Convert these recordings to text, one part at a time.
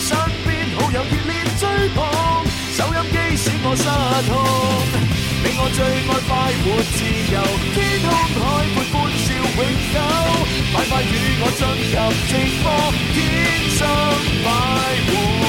身邊好友熱烈追捧，手音機使我失痛。你我最愛快活自由，天空海闊歡笑永久。快快與我進入直播，天生快活。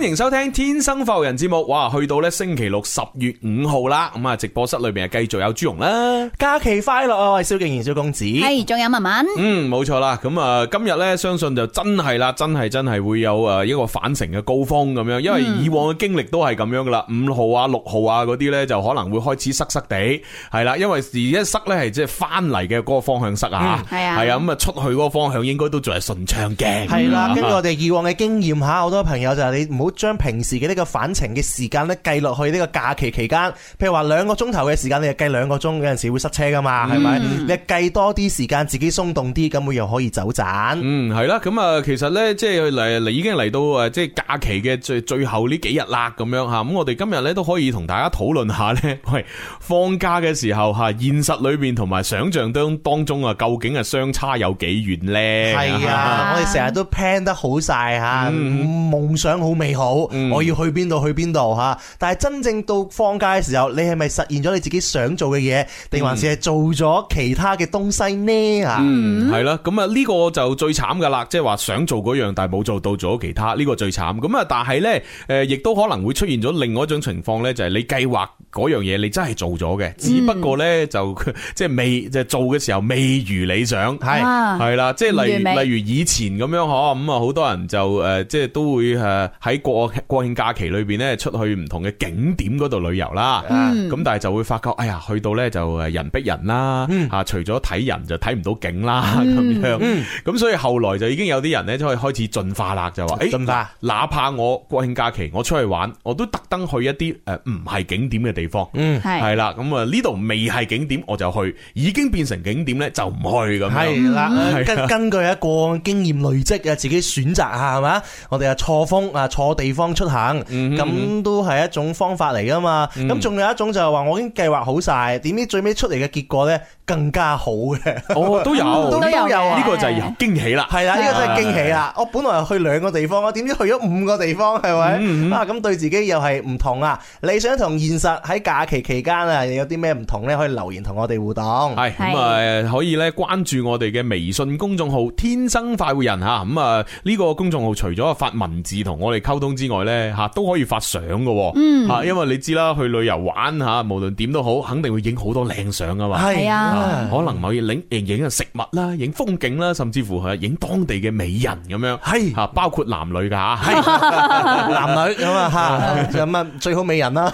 歡迎收聽《天生浮人》節目。哇，去到咧星期六十月五號啦，咁啊，直播室裏邊啊繼續有朱融啦，假期快樂啊，蕭敬賢、蕭公子，係，仲有文文，嗯，冇錯啦。咁啊，今日咧，相信就真係啦，真係真係會有誒一個返程嘅高峰咁樣，因為以往嘅經歷都係咁樣噶啦。五號啊，六號啊，嗰啲咧就可能會開始塞塞地，係啦，因為而一塞咧係即係翻嚟嘅嗰個方向塞、嗯、啊，係啊，係、嗯、啊，咁啊出去嗰個方向應該都仲係順暢嘅，係啦。跟住我哋以往嘅經驗吓，好多朋友就係你唔好。將平時嘅呢個返程嘅時間咧計落去呢個假期期間，譬如話兩個鐘頭嘅時間，你就計兩個鐘，有陣時會塞車噶嘛，係咪？嗯、你計多啲時間，自己鬆動啲，咁佢又可以走盞。嗯，係啦，咁啊，其實咧，即係嚟已經嚟到誒，即係假期嘅最最後呢幾日啦，咁樣吓，咁我哋今日咧都可以同大家討論下咧，喂，放假嘅時候吓，現實裏邊同埋想象當當中啊，究竟係相差有幾遠咧？係啊，我哋成日都 plan 得好晒吓，夢、嗯、想好美好。好，我要去邊度去邊度吓，但係真正到放假嘅時候，你係咪實現咗你自己想做嘅嘢，定還是係做咗其他嘅東西呢？吓，嗯，係啦，咁啊呢個就最慘噶啦，即係話想做嗰樣，但係冇做到做咗其他，呢、這個最慘。咁啊，但係呢，誒，亦都可能會出現咗另外一種情況呢就係、是、你計劃嗰樣嘢，你真係做咗嘅，只不過呢，就即、是、係未即係、就是、做嘅時候未如理想，係係啦，即係、就是、例如例如以前咁樣嗬，咁啊好多人就誒即係都會誒喺。過國慶假期裏邊咧，出去唔同嘅景點嗰度旅遊啦，咁、嗯、但係就會發覺，哎呀，去到咧就誒人逼人啦，吓、嗯、除咗睇人就睇唔到景啦，咁樣，咁、嗯嗯、所以後來就已經有啲人咧，可以開始進化啦，就話誒，進化、欸，哪怕我國慶假期我出去玩，我都特登去一啲誒唔係景點嘅地方，係係啦，咁啊呢度未係景點我就去，已經變成景點咧就唔去咁樣，係啦、嗯嗯啊，根根據一個經驗累積啊，自己選擇下係嘛，我哋啊錯峰啊錯。地方出行咁、mm hmm. 都係一種方法嚟噶嘛，咁仲、mm hmm. 有一種就係話我已經計劃好晒，點知最尾出嚟嘅結果呢更加好嘅，oh, 都有呢個就係驚的喜啦，係啦，呢個真係驚喜啦。我、喔、本來去兩個地方我點知去咗五個地方，係咪、mm hmm. 啊？咁對自己又係唔同啊。理想同現實喺假期期間啊，有啲咩唔同呢？可以留言同我哋互動。係咁啊，可以咧關注我哋嘅微信公眾號《天生快活人》吓、嗯。咁、嗯、啊，呢、嗯嗯嗯嗯嗯嗯這個公眾號除咗發文字同我哋溝通。之外咧，吓都可以發相嘅，吓，因為你知啦，去旅遊玩吓，無論點都好，肯定會影好多靚相噶嘛，係啊，可能可以影影啊食物啦，影風景啦，甚至乎係影當地嘅美人咁樣，係吓包括男女噶吓，係男女咁啊，咁啊最好美人啦，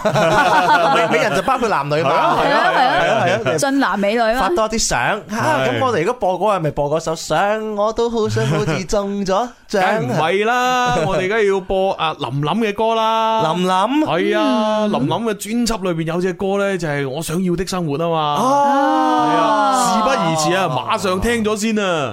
美人就包括男女嘛，係啊係啊係啊，俊男美女啦，發多啲相吓，咁我哋而家播嗰個係咪播嗰首相？我都好想好似中咗。梗唔係啦， 我哋梗係要播阿林林嘅歌啦。林林？係啊，林林嘅專輯裏邊有隻歌咧，就係、是、我想要的生活啊嘛。係啊，啊，事不宜遲啊，馬上聽咗先啊。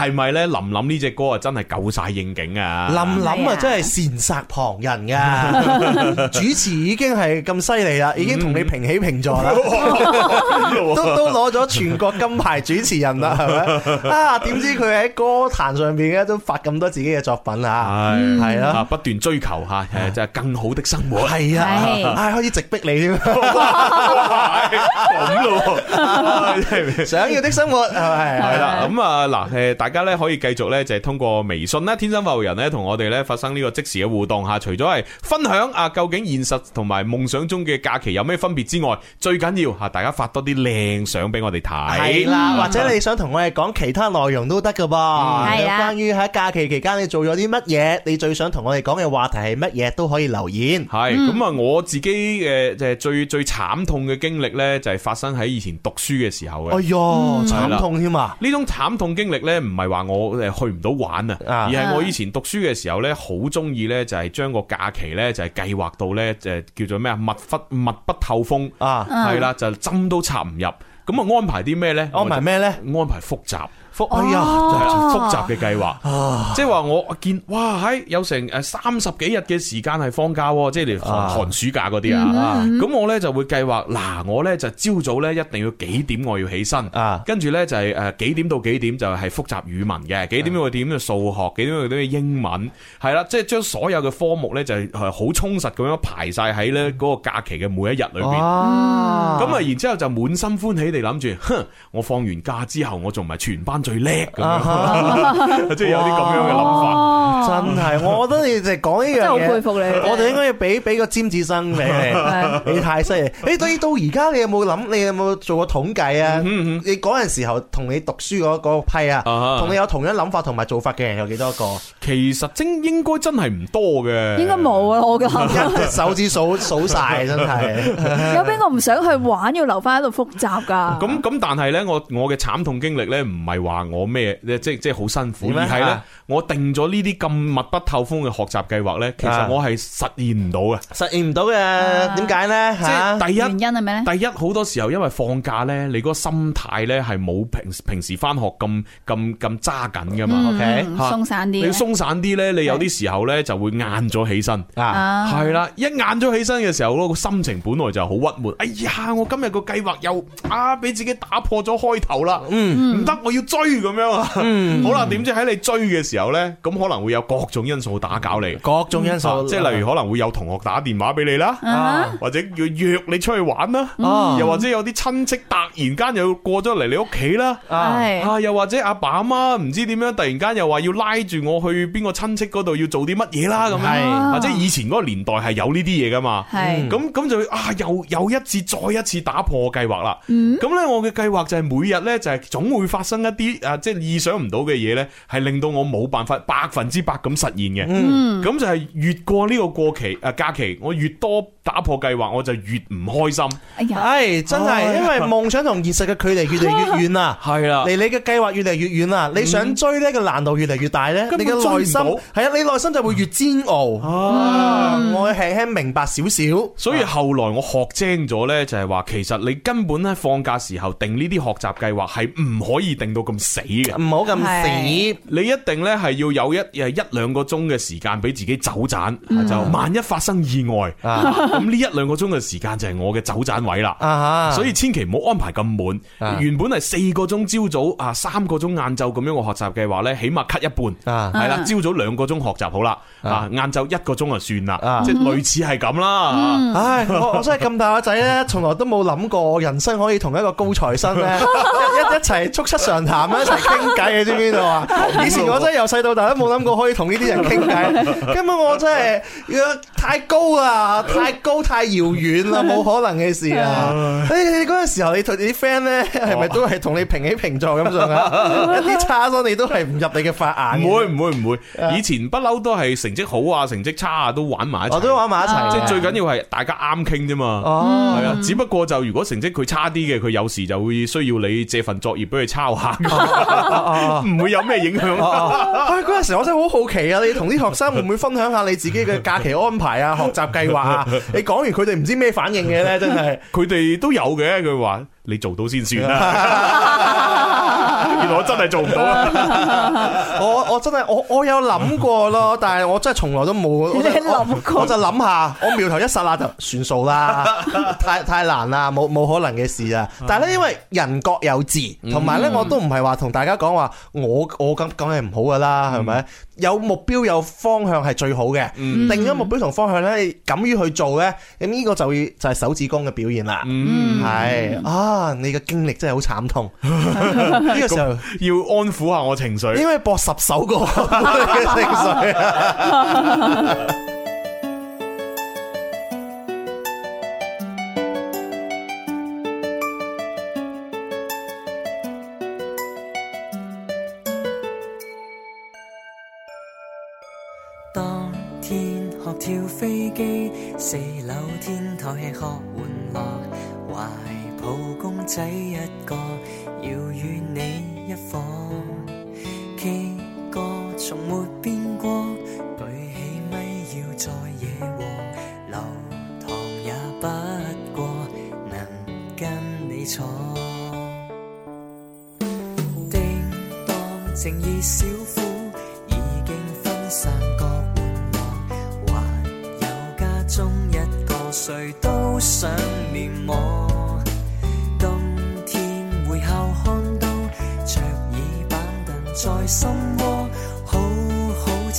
係咪咧？是是林林呢隻歌啊，真係夠晒應景啊！林林啊，真係羨煞旁人噶，主持已經係咁犀利啦，已經同你平起平坐啦，都都攞咗全國金牌主持人啦，係咪啊？點知佢喺歌壇上邊都發咁多自己嘅作品、哎、啊？係係啊，不斷追求吓，誒，即係更好的生活。係啊，啊，開始直逼你添，咁咯，想要的生活係係啦。咁啊嗱，誒、嗯啊啊、大。大家咧可以繼續咧就係通過微信啦。天生發育人咧同我哋咧發生呢個即時嘅互動吓。除咗係分享啊，究竟現實同埋夢想中嘅假期有咩分別之外，最緊要吓大家發多啲靚相俾我哋睇。係啦，或者你想同我哋講其他內容都得噶噃。係啊、嗯，嗯、關於喺假期期間你做咗啲乜嘢，你最想同我哋講嘅話題係乜嘢都可以留言。係咁啊，嗯、我自己誒就係最最慘痛嘅經歷咧，就係發生喺以前讀書嘅時候嘅。哎喲，慘痛添啊！呢種慘痛經歷咧唔。唔係話我誒去唔到玩啊，而係我以前讀書嘅時候呢，好中意呢就係將個假期呢，就係計劃到呢，誒叫做咩啊，密忽密不透風啊，係啦，就針都插唔入，咁啊安排啲咩呢？安排咩呢？安排複雜。哎呀，啊、複雜嘅計劃，即係話我見哇，喺、哎、有成誒三十幾日嘅時間係放假，即係嚟寒、啊、寒暑假嗰啲啊，咁、嗯嗯、我呢就會計劃嗱，我呢就朝早呢一定要幾點我要起身啊，跟住呢就係誒幾點到幾點就係複習語文嘅，幾點到幾點嘅數學，幾點到幾點嘅英文，係啦，即係將所有嘅科目呢就係好充實咁樣排晒喺呢嗰個假期嘅每一日裏邊，咁啊、嗯、然之後就滿心歡喜地諗住，哼，我放完假之後我仲唔係全班，全班。最叻咁樣，即係有啲咁樣嘅諗法，真係，我覺得要即係講呢樣嘢，真係好佩服你。我哋應該要俾俾個尖子生你，你太犀利。誒，到到而家你有冇諗？你有冇做過統計啊？你嗰陣時候同你讀書嗰嗰批啊，同你有同樣諗法同埋做法嘅人有幾多個？其實真應該真係唔多嘅，應該冇啊！我嘅一隻手指數數晒，真係有邊個唔想去玩，要留翻喺度複習㗎？咁咁，但係咧，我我嘅慘痛經歷咧，唔係話。我咩？即即係好辛苦。而係咧，我定咗呢啲咁密不透風嘅學習計劃咧，其實我係實現唔到嘅。實現唔到嘅，點解咧？即係第一原因係咩咧？第一好多時候因為放假咧，你個心態咧係冇平平時翻學咁咁咁揸緊噶嘛。OK，鬆散啲。你要鬆散啲咧，你有啲時候咧就會晏咗起身。啊，係啦，一晏咗起身嘅時候嗰個心情本來就好鬱悶。哎呀，我今日個計劃又啊俾自己打破咗開頭啦。嗯，唔得，我要再。追咁樣啊，嗯、 好啦，點知喺你追嘅時候呢，咁可能會有各種因素打攪你，各種因素，即係例如可能會有同學打電話俾你啦，uh huh. 或者約約你出去玩啦，uh huh. 又或者有啲親戚突然間又過咗嚟你屋企啦，啊，又或者阿爸阿媽唔知點樣，突然間又話要拉住我去邊個親戚嗰度要做啲乜嘢啦，咁樣，或者以前嗰個年代係有呢啲嘢噶嘛，係，咁咁就啊又又一次再一次打破計劃啦，咁呢、uh，huh. 我嘅計劃就係每日呢，就係總會發生一啲。啊！即係意想唔到嘅嘢咧，係令到我冇辦法百分之百咁實現嘅。咁、嗯、就係越過呢個過期啊、呃、假期，我越多。打破計劃，我就越唔開心，係真係，因為夢想同現實嘅距離越嚟越遠啦，係啦，離你嘅計劃越嚟越遠啦，你想追呢個難度越嚟越大呢？你嘅內心係啊，你內心就會越煎熬。我輕輕明白少少，所以後來我學精咗呢，就係話其實你根本喺放假時候定呢啲學習計劃係唔可以定到咁死嘅，唔好咁死，你一定呢係要有一誒一兩個鐘嘅時間俾自己走盞，就萬一發生意外。咁呢一兩個鐘嘅時間就係我嘅走盞位啦，所以千祈唔好安排咁滿。原本係四個鐘朝早啊，三個鐘晏晝咁樣學習嘅話呢，起碼 cut 一半。係啦，朝早兩個鐘學習好啦，啊晏晝一個鐘就算啦，即係類似係咁啦。唉，我真係咁大個仔呢，從來都冇諗過人生可以同一個高材生咧，一一齊促膝長談，一齊傾偈，你知唔知邊度啊？以前我真係由細到大都冇諗過可以同呢啲人傾偈。根本我真係太高啊，太～高太遙遠啦，冇可能嘅事啊！你你嗰陣時候，你同啲 friend 咧，係咪都係同你平起平坐咁上啊？一啲差生你都係唔入你嘅法眼？唔會唔會唔會？以前不嬲都係成績好啊，成績差啊，都玩埋一齊。我都玩埋一齊。即係最緊要係大家啱傾啫嘛。係啊，只不過就如果成績佢差啲嘅，佢有時就會需要你借份作業俾佢抄下，唔會有咩影響。唉，嗰陣時我真係好好奇啊！你同啲學生會唔會分享下你自己嘅假期安排啊、學習計劃啊？你講完佢哋唔知咩反應嘅咧，真係佢哋都有嘅。佢話你做到先算啦。 原來我真係做唔到啊，我我真係我我有諗過咯，但係我真係從來都冇諗過。我就諗下，我苗頭一剎那，就算數啦，太太難啦，冇冇可能嘅事啊！但係咧，因為人各有志，同埋咧，我都唔係話同大家講話我我咁咁係唔好噶啦，係咪？有目標有方向係最好嘅，定咗目標同方向咧，你敢於去做咧，咁呢個就就係手指公嘅表現啦。嗯，係啊，你嘅經歷真係好慘痛，呢個時候。要安撫下我情緒，因為播十首歌情緒。當天學跳飛機，四樓天台學玩樂，懷抱公仔一個，要與你。一房 K 歌從沒變過，舉起咪要再惹禍，流塘也不過能跟你坐。叮噹情義小虎已經分散各門路，還有家中一個誰都想。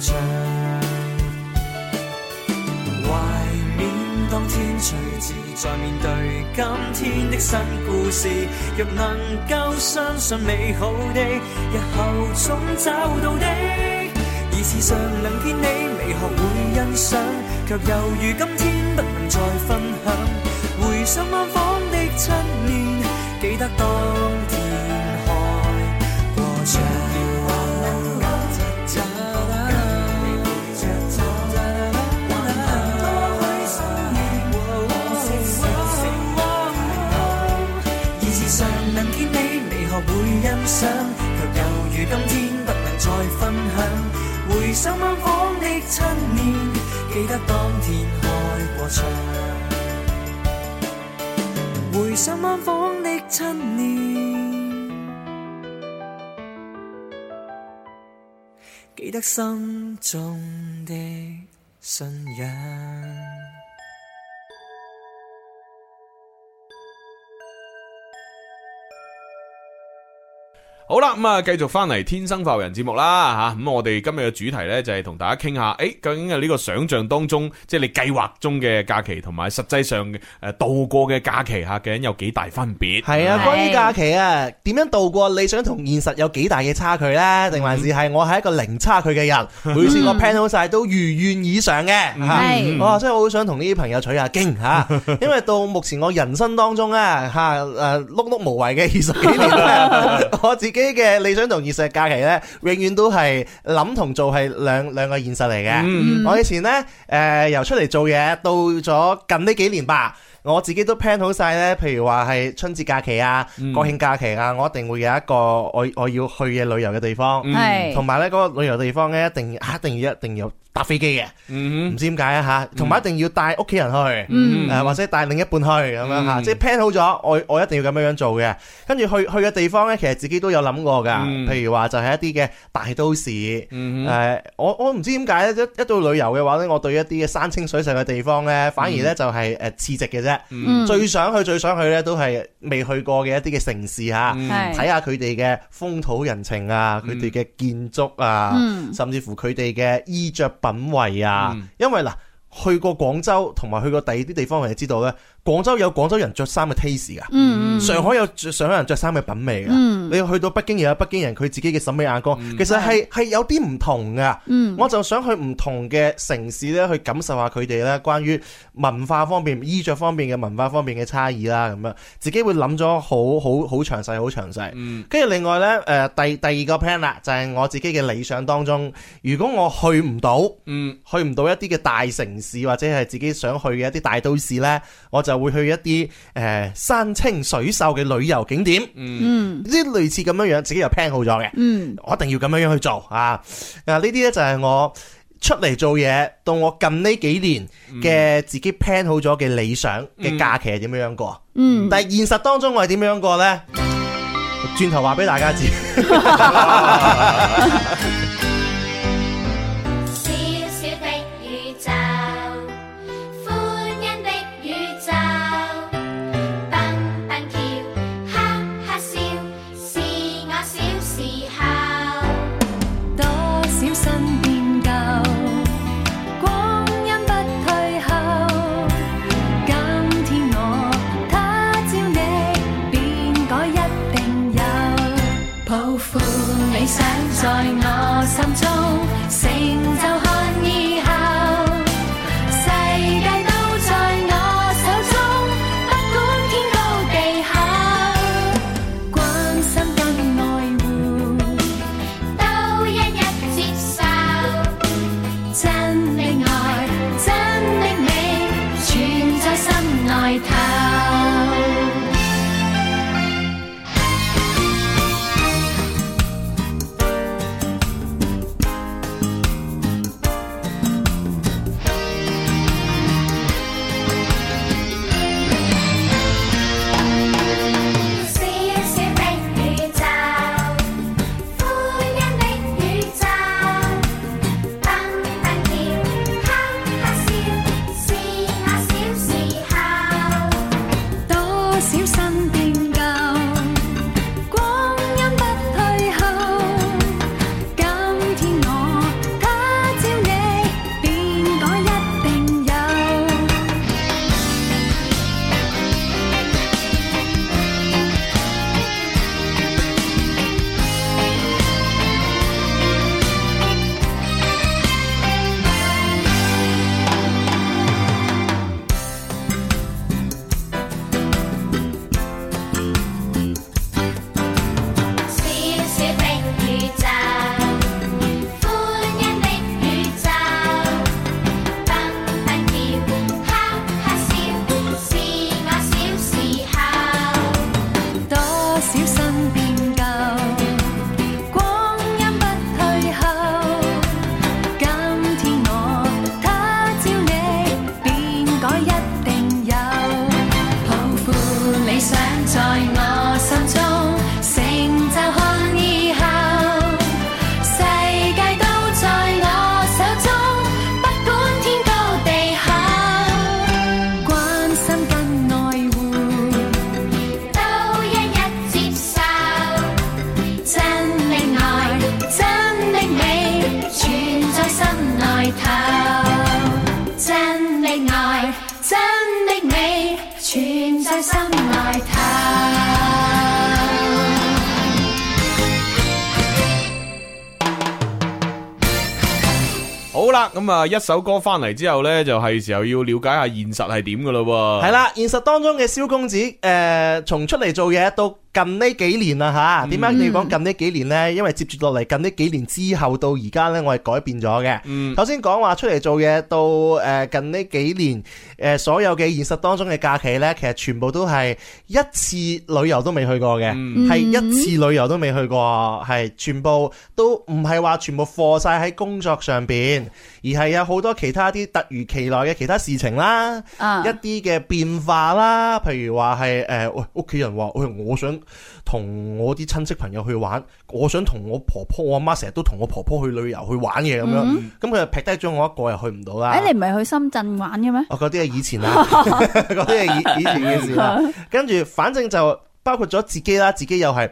懷緬 當天隨時，在面對今天的新故事，若能夠相信美好的，日後總找到的。而時上能見你，未學會欣賞，卻猶如今天不能再分享。回想晚訪的七年，記得多。卻猶如今天不能再分享，回想晚房的七年，記得當天開過場，回想晚房的七年，記得心中的信仰。好啦，咁啊，繼續翻嚟《天生化為人》節目啦，吓、啊、咁、嗯、我哋今日嘅主題咧就係同大家傾下，誒、欸、究竟係呢個想象當中，即係你計劃中嘅假期，同埋實際上誒度過嘅假期吓、啊，究竟有幾大分別？係啊，關於假期啊，點樣度過？理想同現實有幾大嘅差距咧？定還是係我係一個零差距嘅人？每次我 plan 好晒都如願以償嘅，係哇，真係好想同呢啲朋友取下、啊、經吓、啊，因為到目前我人生當中咧吓誒碌碌無為嘅二十幾年，我自己。嘅理想同現實假期呢，永遠都係諗同做係兩兩個現實嚟嘅。Mm hmm. 我以前呢，誒、呃、由出嚟做嘢到咗近呢幾年吧，我自己都 plan 好晒呢。譬如話係春節假期啊、國慶假期啊，mm hmm. 我一定會有一個我我要去嘅旅遊嘅地方，同埋、mm hmm. 呢嗰、嗰個旅遊地方呢，一定啊，一定要一定要。搭飛機嘅，唔知點解啊吓，同埋一定要帶屋企人去，或者帶另一半去咁樣吓，即係 plan 好咗，我我一定要咁樣樣做嘅。跟住去去嘅地方呢，其實自己都有諗過噶，譬如話就係一啲嘅大都市，誒，我我唔知點解一一到旅遊嘅話呢，我對一啲嘅山清水秀嘅地方呢，反而呢就係誒次席嘅啫，最想去最想去呢，都係未去過嘅一啲嘅城市吓，睇下佢哋嘅風土人情啊，佢哋嘅建築啊，甚至乎佢哋嘅衣着。品味啊，因為嗱，去過廣州同埋去過第二啲地方，我哋知道咧。廣州有廣州人着衫嘅 taste 噶、嗯，上海有上海人着衫嘅品味噶。嗯、你去到北京又有北京人佢自己嘅審美眼光，嗯、其實係係是有啲唔同噶。嗯、我就想去唔同嘅城市咧，去感受下佢哋咧關於文化方面、衣着方面嘅文化方面嘅差異啦，咁樣自己會諗咗好好好詳細好詳細。跟住、嗯、另外咧，誒、呃、第第二個 plan 啦，就係、是、我自己嘅理想當中，如果我去唔到，嗯，去唔到一啲嘅大城市或者係自己想去嘅一啲大都市咧，我就。我就就會去一啲誒、呃、山清水秀嘅旅遊景點，嗯，呢類似咁樣樣，自己又 plan 好咗嘅，嗯，我一定要咁樣樣去做啊！嗱、啊，呢啲呢，就係我出嚟做嘢到我近呢幾年嘅自己 plan 好咗嘅理想嘅、嗯、假期係點樣樣過，嗯，嗯但係現實當中我係點樣過呢？轉頭話俾大家知。 好啦，咁啊，一首歌翻嚟之後咧，就係時候要了解下現實係點噶咯喎。係啦，現實當中嘅蕭公子，誒、呃，從出嚟做嘢到。近呢幾年啦吓，點解、嗯、你講近呢幾年呢？因為接住落嚟，近呢幾年之後到而家呢，我係改變咗嘅。頭先講話出嚟做嘢到誒近呢幾年誒所有嘅現實當中嘅假期呢，其實全部都係一次旅遊都未去過嘅，係、嗯、一次旅遊都未去過，係全部都唔係話全部放晒喺工作上邊，而係有好多其他啲突如其來嘅其他事情啦，啊、一啲嘅變化啦，譬如話係誒屋企人話，喂，我想。同我啲親戚朋友去玩，我想同我婆婆、我阿媽成日都同我婆婆去旅遊去玩嘅。咁、mm hmm. 樣，咁佢就劈低咗我一個又去唔到啦。哎、欸，你唔係去深圳玩嘅咩？我嗰啲係以前啦，嗰啲係以以前嘅事啦。跟住，反正就包括咗自己啦，自己又係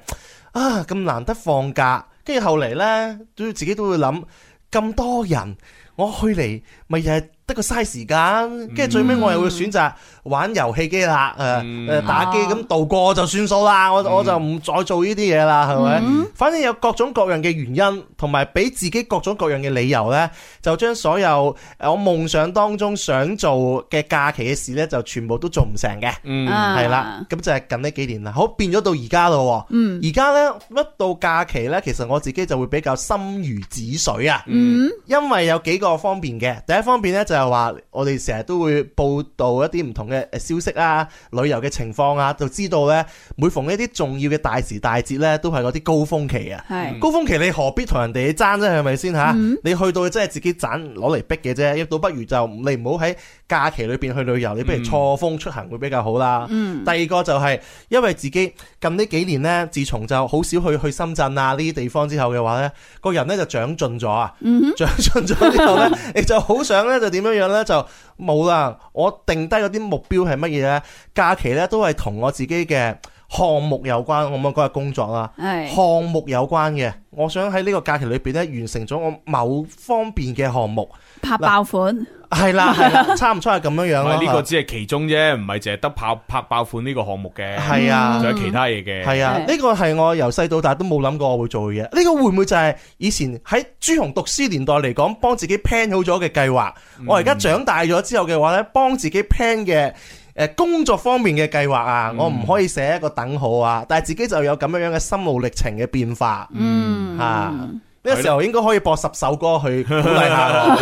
啊咁難得放假，跟住後嚟呢，都要自己都會諗咁多人，我去嚟。咪又係得個嘥時間，跟住、嗯、最尾我又會選擇玩遊戲機啦，誒、嗯呃、打機咁、啊、度過就算數啦，我、嗯、我就唔再做呢啲嘢啦，係咪？嗯、反正有各種各樣嘅原因，同埋俾自己各種各樣嘅理由呢，就將所有誒我夢想當中想做嘅假期嘅事呢，就全部都做唔成嘅，嗯，係啦、嗯，咁就係近呢幾年啦，好變咗到而家咯，嗯，而家呢，一到假期呢，其實我自己就會比較心如止水啊，嗯、因為有幾個方便嘅，一方面咧，就係話，我哋成日都會報道一啲唔同嘅消息啊，旅遊嘅情況啊，就知道呢，每逢一啲重要嘅大時大節呢，都係嗰啲高峰期啊。係、嗯、高峰期，你何必同人哋爭啫？係咪先吓？嗯、你去到真係自己盞攞嚟逼嘅啫，到不如就你唔好喺假期裏邊去旅遊，你不如錯峰出行會比較好啦。嗯，第二個就係、是、因為自己近呢幾年呢，自從就好少去去深圳啊呢啲地方之後嘅話呢個人呢就長進咗啊，嗯、哼長進咗之後呢， 你就好想呢就點樣樣呢就冇啦。我定低嗰啲目標係乜嘢呢？假期呢都係同我自己嘅項目有關，我唔係話係工作啦，項的目有關嘅，我想喺呢個假期裏邊呢，完成咗我某方面嘅項目拍爆款。係啦，係啦，差唔多係咁樣樣呢、 呢個只係其中啫，唔係淨係得拍拍爆款呢個項目嘅。係啊的，仲有其他嘢嘅。係啊，呢個係我由細到大都冇諗過我會做嘅。呢、呢個會唔會就係以前喺朱紅讀書年代嚟講幫自己 plan 好咗嘅計劃？嗯、我而家長大咗之後嘅話呢，幫自己 plan 嘅誒工作方面嘅計劃啊，我唔可以寫一個等號啊，嗯、但係自己就有咁樣樣嘅心路歷程嘅變化。嗯，吓、嗯。嗯嘅 時候應該可以播十首歌去好大下，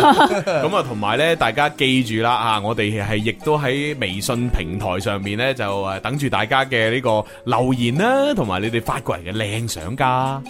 咁啊同埋咧，大家記住啦嚇，我哋係亦都喺微信平台上面咧，就誒等住大家嘅呢個留言啦，同埋你哋發過嚟嘅靚相噶。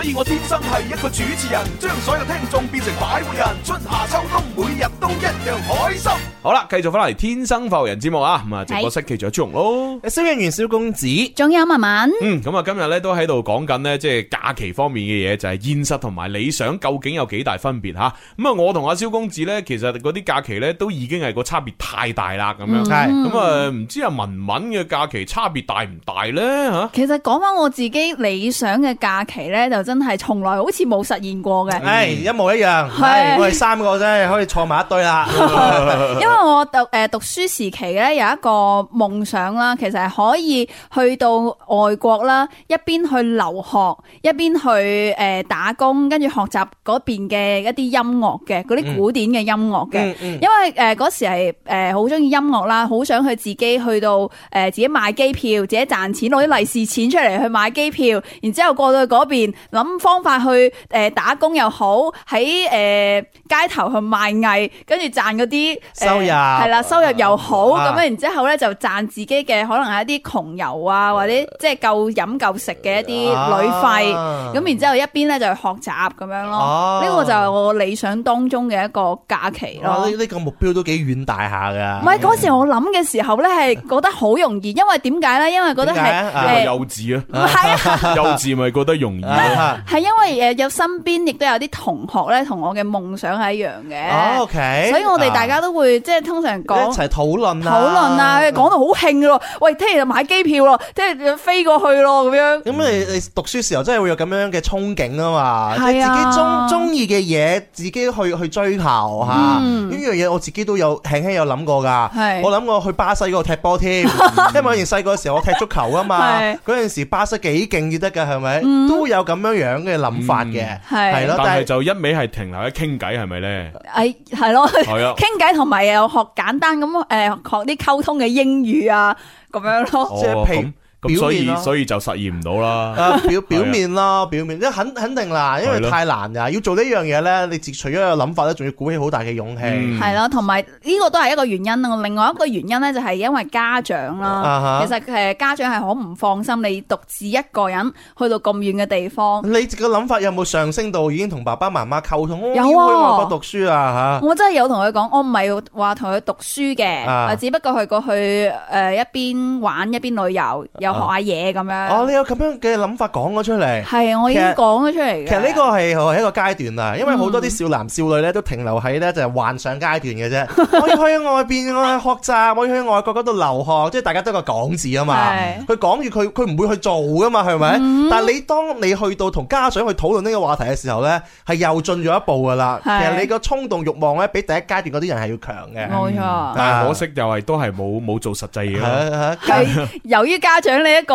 所以我天生係一個主持人，將所有聽眾變成擺渡人。春夏秋冬，每日都一樣開心。好啦，繼續翻嚟《天生浮人》節目啊，咁啊是，直播室企咗，朱紅咯，收音員小公子，仲有文文，嗯，咁啊，今日咧都喺度講緊呢，即係假期方面嘅嘢，就係、是、現實同埋理想究竟有幾大分別吓。咁啊，我同阿蕭公子咧，其實嗰啲假期咧都已經係個差別太大啦，咁樣，咁啊是，唔、嗯嗯、知阿文文嘅假期差別大唔大咧吓？啊、其實講翻我自己理想嘅假期咧，就真係從來好似冇實現過嘅。係、嗯哎、一模一樣，係是、哎、我哋三個啫，可以坐埋一堆啦。 因為我讀誒讀書時期咧有一個夢想啦，其實係可以去到外國啦，一邊去留學，一邊去誒打工，跟住學習嗰邊嘅一啲音樂嘅嗰啲古典嘅音樂嘅。嗯嗯嗯、因為誒嗰時係誒好中意音樂啦，好想去自己去到誒自己買機票，自己賺錢攞啲利是錢出嚟去買機票，然之後過到去嗰邊諗方法去誒打工又好，喺誒街頭去賣藝，跟住賺嗰啲誒。呃係啦，收入又好，咁樣然之後咧就賺自己嘅可能係一啲窮遊啊，或者即係夠飲夠食嘅一啲旅費，咁然之後一邊咧就去學習咁樣咯。呢個就係我理想當中嘅一個假期咯。呢呢個目標都幾遠大下噶。唔係嗰時我諗嘅時候咧，係覺得好容易，因為點解咧？因為覺得係幼稚啊。幼稚咪覺得容易咯。係因為誒有身邊亦都有啲同學咧，同我嘅夢想係一樣嘅。O K，所以我哋大家都會。即係通常講一齊討論啊，討論啊，講到好興咯。喂，聽日就買機票咯，聽日飛過去咯，咁樣。咁你你讀書時候真係會有咁樣嘅憧憬啊嘛，即係自己中中意嘅嘢，自己去去追求吓。呢樣嘢我自己都有輕輕有諗過㗎。我諗我去巴西嗰度踢波添，因為以前細個嘅時候我踢足球啊嘛。嗰陣時巴西幾勁要得㗎，係咪？都有咁樣樣嘅諗法嘅。係咯，但係就一味係停留喺傾偈係咪咧？係係咯，傾偈同埋啊。有學簡單咁誒，學啲溝通嘅英語啊，咁樣咯。即係、哦 所以所以就實現唔到啦。表面啦，表面，因肯肯定難，因為太難嘅。的要做呢樣嘢呢，你除除咗個諗法咧，仲要鼓起好大嘅勇氣。係咯、嗯，同埋呢個都係一個原因。另外一個原因呢，就係因為家長啦。其實家長係好唔放心你獨自一個人去到咁遠嘅地方。你個諗法有冇上升到已經同爸爸媽媽溝通？有啊、哦，去外國讀書啊吓。我真係有同佢講，我唔係話同佢讀書嘅，啊、只不過係過去誒、呃、一邊玩一邊旅遊。學下嘢咁樣，哦，你有咁樣嘅諗法講咗出嚟，係，我已經講咗出嚟。其實呢個係係一個階段啊，因為好多啲少男少女咧都停留喺，咧就係幻想階段嘅啫，嗯。我要去外邊，我學習，我要去外國嗰度留學，即係大家都係個講字啊嘛。佢講住佢，佢唔會去做噶嘛，係咪？嗯，但係你當你去到同家長去討論呢個話題嘅時候咧，係又進咗一步噶啦。是其實你個衝動慾望咧，比第一階段嗰啲人係要強嘅。冇錯，但係可惜又係都係冇冇做實際嘢。由於家長。咁你一個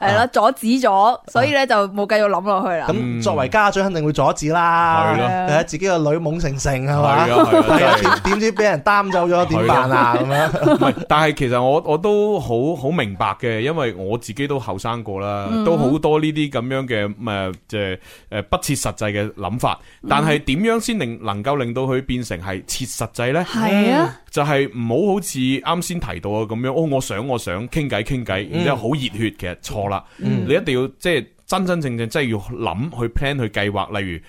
係啦，阻止咗，所以咧就冇繼續諗落去啦。咁作為家長肯定會阻止啦。係咯，誒，自己個女懵成成係咪？係啊，點點知俾人擔走咗，點辦啊？咁樣。但係其實我我都好好明白嘅，因為我自己都後生過啦，都好多呢啲咁樣嘅咁，誒，即係誒不切實際嘅諗法。但係點樣先令能夠令到佢變成係切實際咧？係啊。就係唔好好似啱先提到啊咁樣，哦，我想我想傾偈傾偈，然之後好熱血，其實錯啦，嗯、你一定要即係。真真正正真係要諗去 plan 去計劃，例如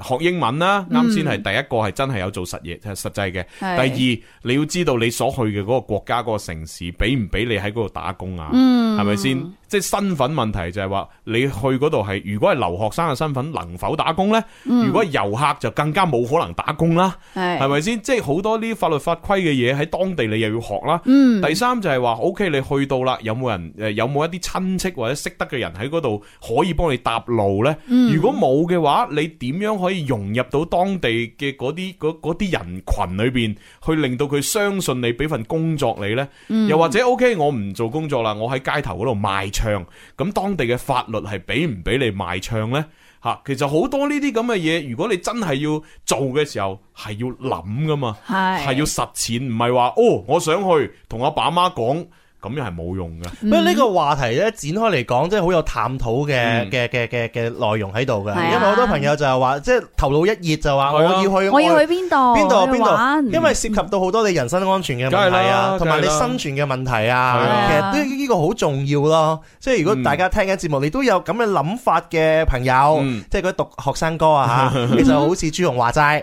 誒學英文啦，啱先係第一個係真係有做實業實際嘅。第二你要知道你所去嘅嗰個國家嗰個城市，俾唔俾你喺嗰度打工啊？係咪先？即係身份問題就係話你去嗰度係，如果係留學生嘅身份能否打工呢？如果係遊客就更加冇可能打工啦，係咪先？即係好多啲法律法規嘅嘢喺當地你又要學啦。第三就係話，OK 你去到啦，有冇人誒有冇一啲親戚或者識得嘅人喺嗰度？可以幫你搭路呢。如果冇嘅話，你點樣可以融入到當地嘅嗰啲啲人群裏邊，去令到佢相信你俾份工作你呢？嗯、又或者 OK，我唔做工作啦，我喺街頭嗰度賣唱，咁當地嘅法律係俾唔俾你賣唱呢？嚇，其實好多呢啲咁嘅嘢，如果你真係要做嘅時候，係要諗噶嘛，係是要實踐，唔係話哦，我想去同阿爸媽講。咁樣係冇用嘅。不過呢個話題咧，展開嚟講，即係好有探討嘅嘅嘅嘅嘅內容喺度嘅。因為好多朋友就係話，即係頭腦一熱就話我要去，我要去邊度、邊度、邊度。因為涉及到好多你人身安全嘅問題啊，同埋你生存嘅問題啊。其實呢呢個好重要咯。即係如果大家聽緊節目，你都有咁嘅諗法嘅朋友，即係佢啲讀學生哥啊嚇，其實好似朱紅話齋。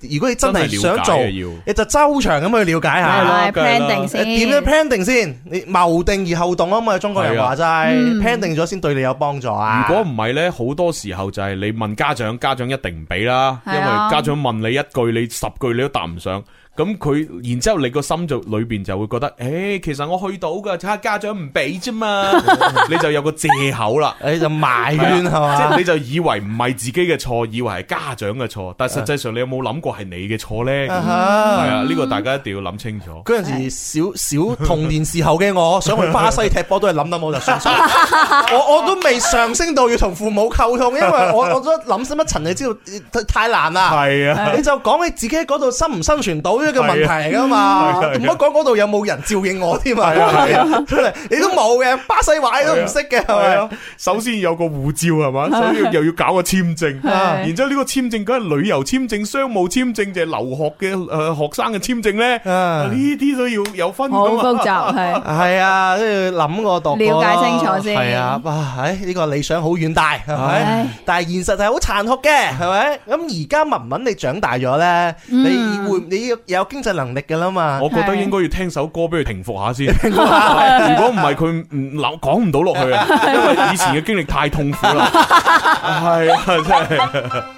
如果你真係想做，你就周詳咁去了解下，你點樣 plan 定先？你謀定而後動啊嘛，中國人話齋，plan 定咗先對你有幫助啊。如果唔係咧，好多時候就係你問家長，家長一定唔俾啦，因為家長問你一句，你十句你都答唔上。咁佢，然之後，你個心就裏邊就會覺得，誒其實我去到噶，睇下家長唔俾啫嘛，你就有個借口啦，你就埋怨係嘛？即係你就以為唔係自己嘅錯，以為係家長嘅錯，但係實際上你有冇諗過係你嘅錯咧？係啊，呢個大家一定要諗清楚。嗰陣時，小小童年時候嘅我想去巴西踢波，都係諗諗我就上，我我都未上升到要同父母溝通，因為我我都諗深一層，你知道太難啦。係啊，你就講你自己喺嗰度生唔生存到？個問題嚟噶嘛，唔好講嗰度有冇人照應我添啊？真係你都冇嘅，巴西話都唔識嘅，係咪？首先有個護照係嘛，所以又要搞個簽證。然之後呢個簽證，梗係旅遊簽證、商務簽證定係留學嘅誒學生嘅簽證咧？呢啲都要有分好複雜係係啊！都要諗嗰度了解清楚先係啊！哇，唉呢個理想好遠大，係咪？但係現實就係好殘酷嘅，係咪？咁而家文文你長大咗咧，你會你要有。 有經濟能力㗎啦嘛，我覺得應該要聽首歌俾佢平復下先。如果唔係，佢唔流講唔到落去啊，因為以前嘅經歷太痛苦啦。係啊，真係。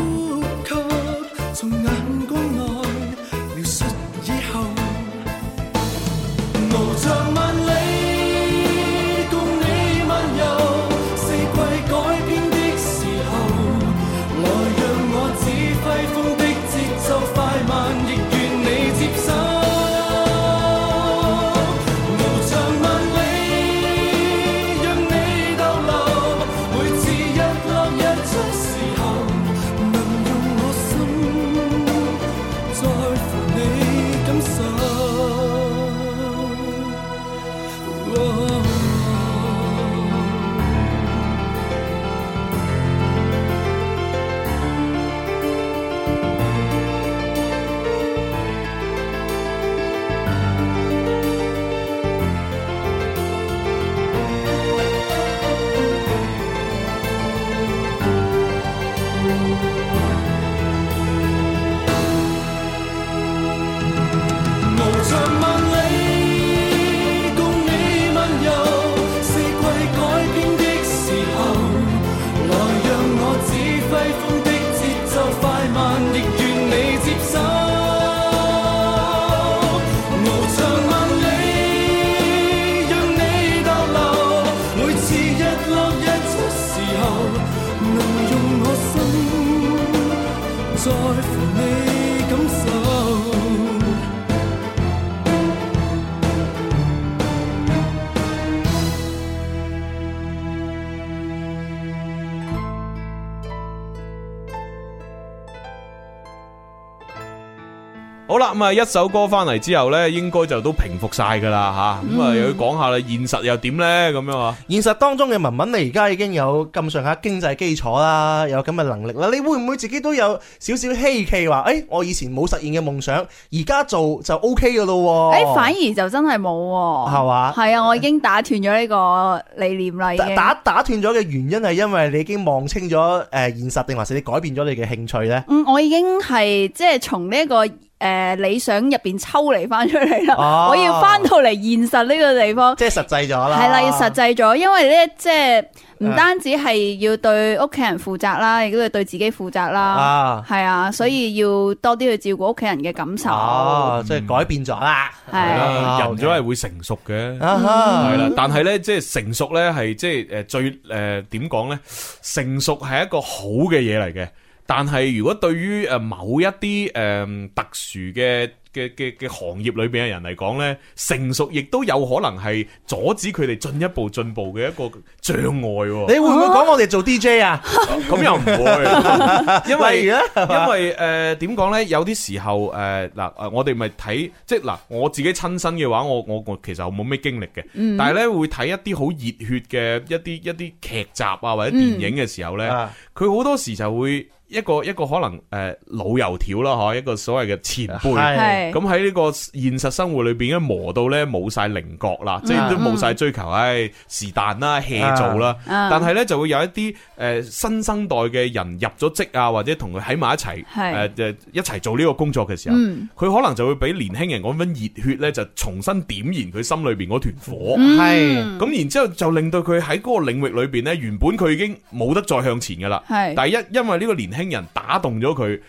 咁啊，一首歌翻嚟之後呢，應該就都平復晒噶啦吓，咁啊又、嗯嗯、要講下啦。現實又點呢？咁樣啊？現實當中嘅文文，你而家已經有咁上下經濟基礎啦，有咁嘅能力啦，你會唔會自己都有少少稀奇話？誒、欸，我以前冇實現嘅夢想，而家做就 O K 噶咯？誒、欸，反而就真係冇、啊，係嘛吧？係啊，我已經打斷咗呢個理念啦。打打斷咗嘅原因係因為你已經望清咗誒現實，定還是你改變咗你嘅興趣呢？嗯、我已經係即係從呢個。誒，理、呃、想入邊抽離翻出嚟啦，啊、我要翻到嚟現實呢個地方，即係實際咗啦，係啦，要實際咗，因為咧，即係唔單止係要對屋企人負責啦，亦都要對自己負責啦，係啊，所以要多啲去照顧屋企人嘅感受，即係、啊嗯、改變咗啦，係啦，人咗係會成熟嘅，係啦、啊哈，但係咧，即係成熟咧，係即係誒，最誒點講咧，成熟係、呃呃、一個好嘅嘢嚟嘅。但係如果對於誒某一啲誒、嗯、特殊嘅嘅嘅嘅行業裏邊嘅人嚟講咧，成熟亦都有可能係阻止佢哋進一步進步嘅一個障礙、啊。你會唔會講我哋做 D J 啊？咁又唔會， 因為 因為誒點講咧？有啲時候誒嗱、呃呃，我哋咪睇即係嗱、呃，我自己親身嘅話，我我我其實我冇咩經歷嘅。嗯、但係咧會睇一啲好熱血嘅一啲一啲劇集啊或者電影嘅時候咧，佢好、嗯嗯、多時，多時就會。一個一個可能誒、呃、老油條啦，吓一個所謂嘅前輩，咁喺呢個現實生活裏邊咧磨到咧冇晒棱角啦，嗯、即係都冇晒追求，誒是但啦 hea 做啦。嗯、但係咧就會有一啲誒、呃、新生代嘅人入咗職啊，或者同佢喺埋一齊，誒誒是、呃、一齊做呢個工作嘅時候，佢、嗯、可能就會俾年輕人嗰種熱血咧，就重新點燃佢心裏邊嗰團火，係咁然之後就令到佢喺個領域裏邊咧，原本佢已經冇得再向前噶啦。第一是，是因為呢個年輕。聽人打動咗佢。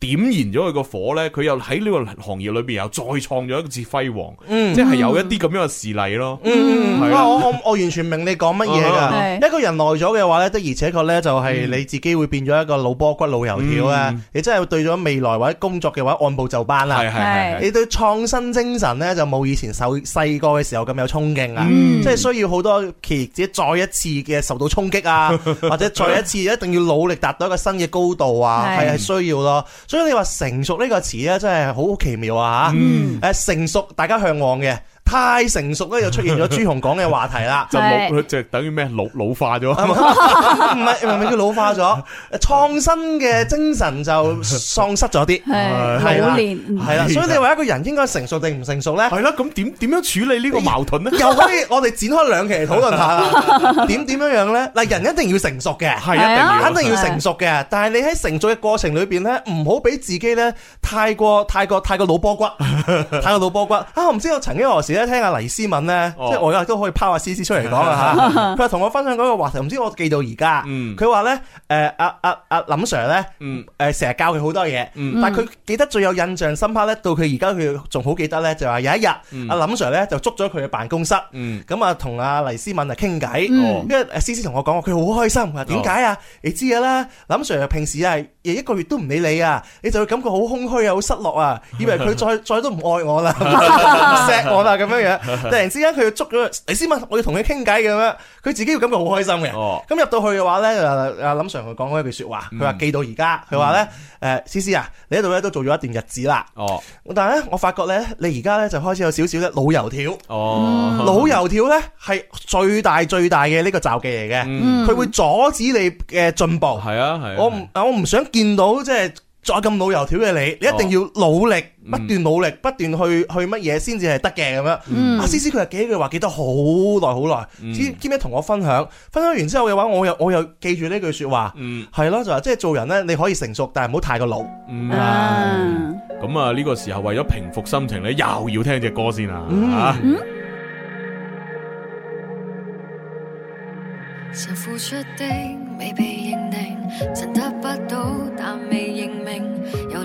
點燃咗佢個火呢，佢又喺呢個行業裏邊又再創咗一次輝煌，即係有一啲咁樣嘅事例咯。唔我我完全明你講乜嘢噶。一個人耐咗嘅話呢，的而且確呢，就係你自己會變咗一個老波骨老油條啊！你真係對咗未來或者工作嘅話按部就班啦。你對創新精神呢，就冇以前受細個嘅時候咁有衝勁啦。即係需要好多企業家再一次嘅受到衝擊啊，或者再一次一定要努力達到一個新嘅高度啊，係係需要咯。所以你話成熟呢個詞咧，真係好奇妙啊吓，嗯，誒成熟，大家向往嘅。太成熟咧，又出現咗朱紅講嘅話題啦，就冇就等於咩老老化咗？唔係明明叫老化咗，創新嘅精神就喪失咗啲，係老練啦。所以你話一個人應該成熟定唔成熟咧？係啦，咁點點樣處理呢個矛盾咧？又可以我哋展開兩期嚟討論下，點點樣樣咧？嗱，人一定要成熟嘅，係一定要，肯是的 定要成熟嘅。但係你喺成熟嘅過程裏邊咧，唔好俾自己咧太過太過太過老波骨，太過老波骨啊！我唔知我曾經何時而家聽阿黎思敏咧，即係我亦都可以拋阿詩詩出嚟講啊吓，佢話同我分享嗰個話題，唔知我記到而家。佢話咧，誒阿阿阿林 Sir 咧，誒成日教佢好多嘢，但係佢記得最有印象深刻咧，到佢而家佢仲好記得咧，就話有一日阿林 Sir 咧就捉咗佢嘅辦公室，咁啊同阿黎思敏啊傾偈，跟住詩詩同我講，佢好開心，點解啊？你知嘅啦，林 Sir 平時係，一個月都唔理你啊，你就會感覺好空虛啊，好失落啊，以為佢再再都唔愛我啦，唔錫我啦咩嘢？突然之間佢要捉咗你先問我要同佢傾偈嘅咩？佢自己要感覺好開心嘅。咁入到去嘅話呢，阿阿林 Sir 佢講過一句説話，佢話記到而家，佢話呢，誒，詩詩啊，你喺度呢都做咗一段日子啦。哦，但係呢，我發覺呢，你而家呢，就開始有少少呢老油條。哦，老油條呢，係最大最大嘅呢個習技嚟嘅，佢會阻止你嘅進步。係啊係，我唔，我唔想見到即係。再咁老油條嘅你，你一定要努力，哦、不斷努力，嗯、不斷去去乜嘢先至係得嘅咁樣。阿思思佢寫咗句話記得好耐好耐，知兼呢同我分享，分享完之後嘅話，我又我又記住呢句說話，係咯、嗯、就話即係做人呢，你可以成熟，但係唔好太過老。咁、嗯、啊呢個時候為咗平復心情咧，又要聽隻歌先啦吓。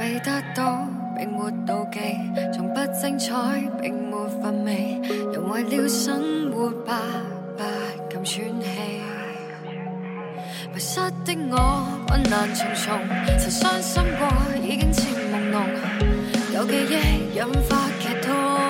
未得到並沒妒忌，從不精彩並沒乏味，人為了生活白白咁喘氣。迷失 的我困難重重，曾傷心過已經似朦朧，有記憶引發劇痛。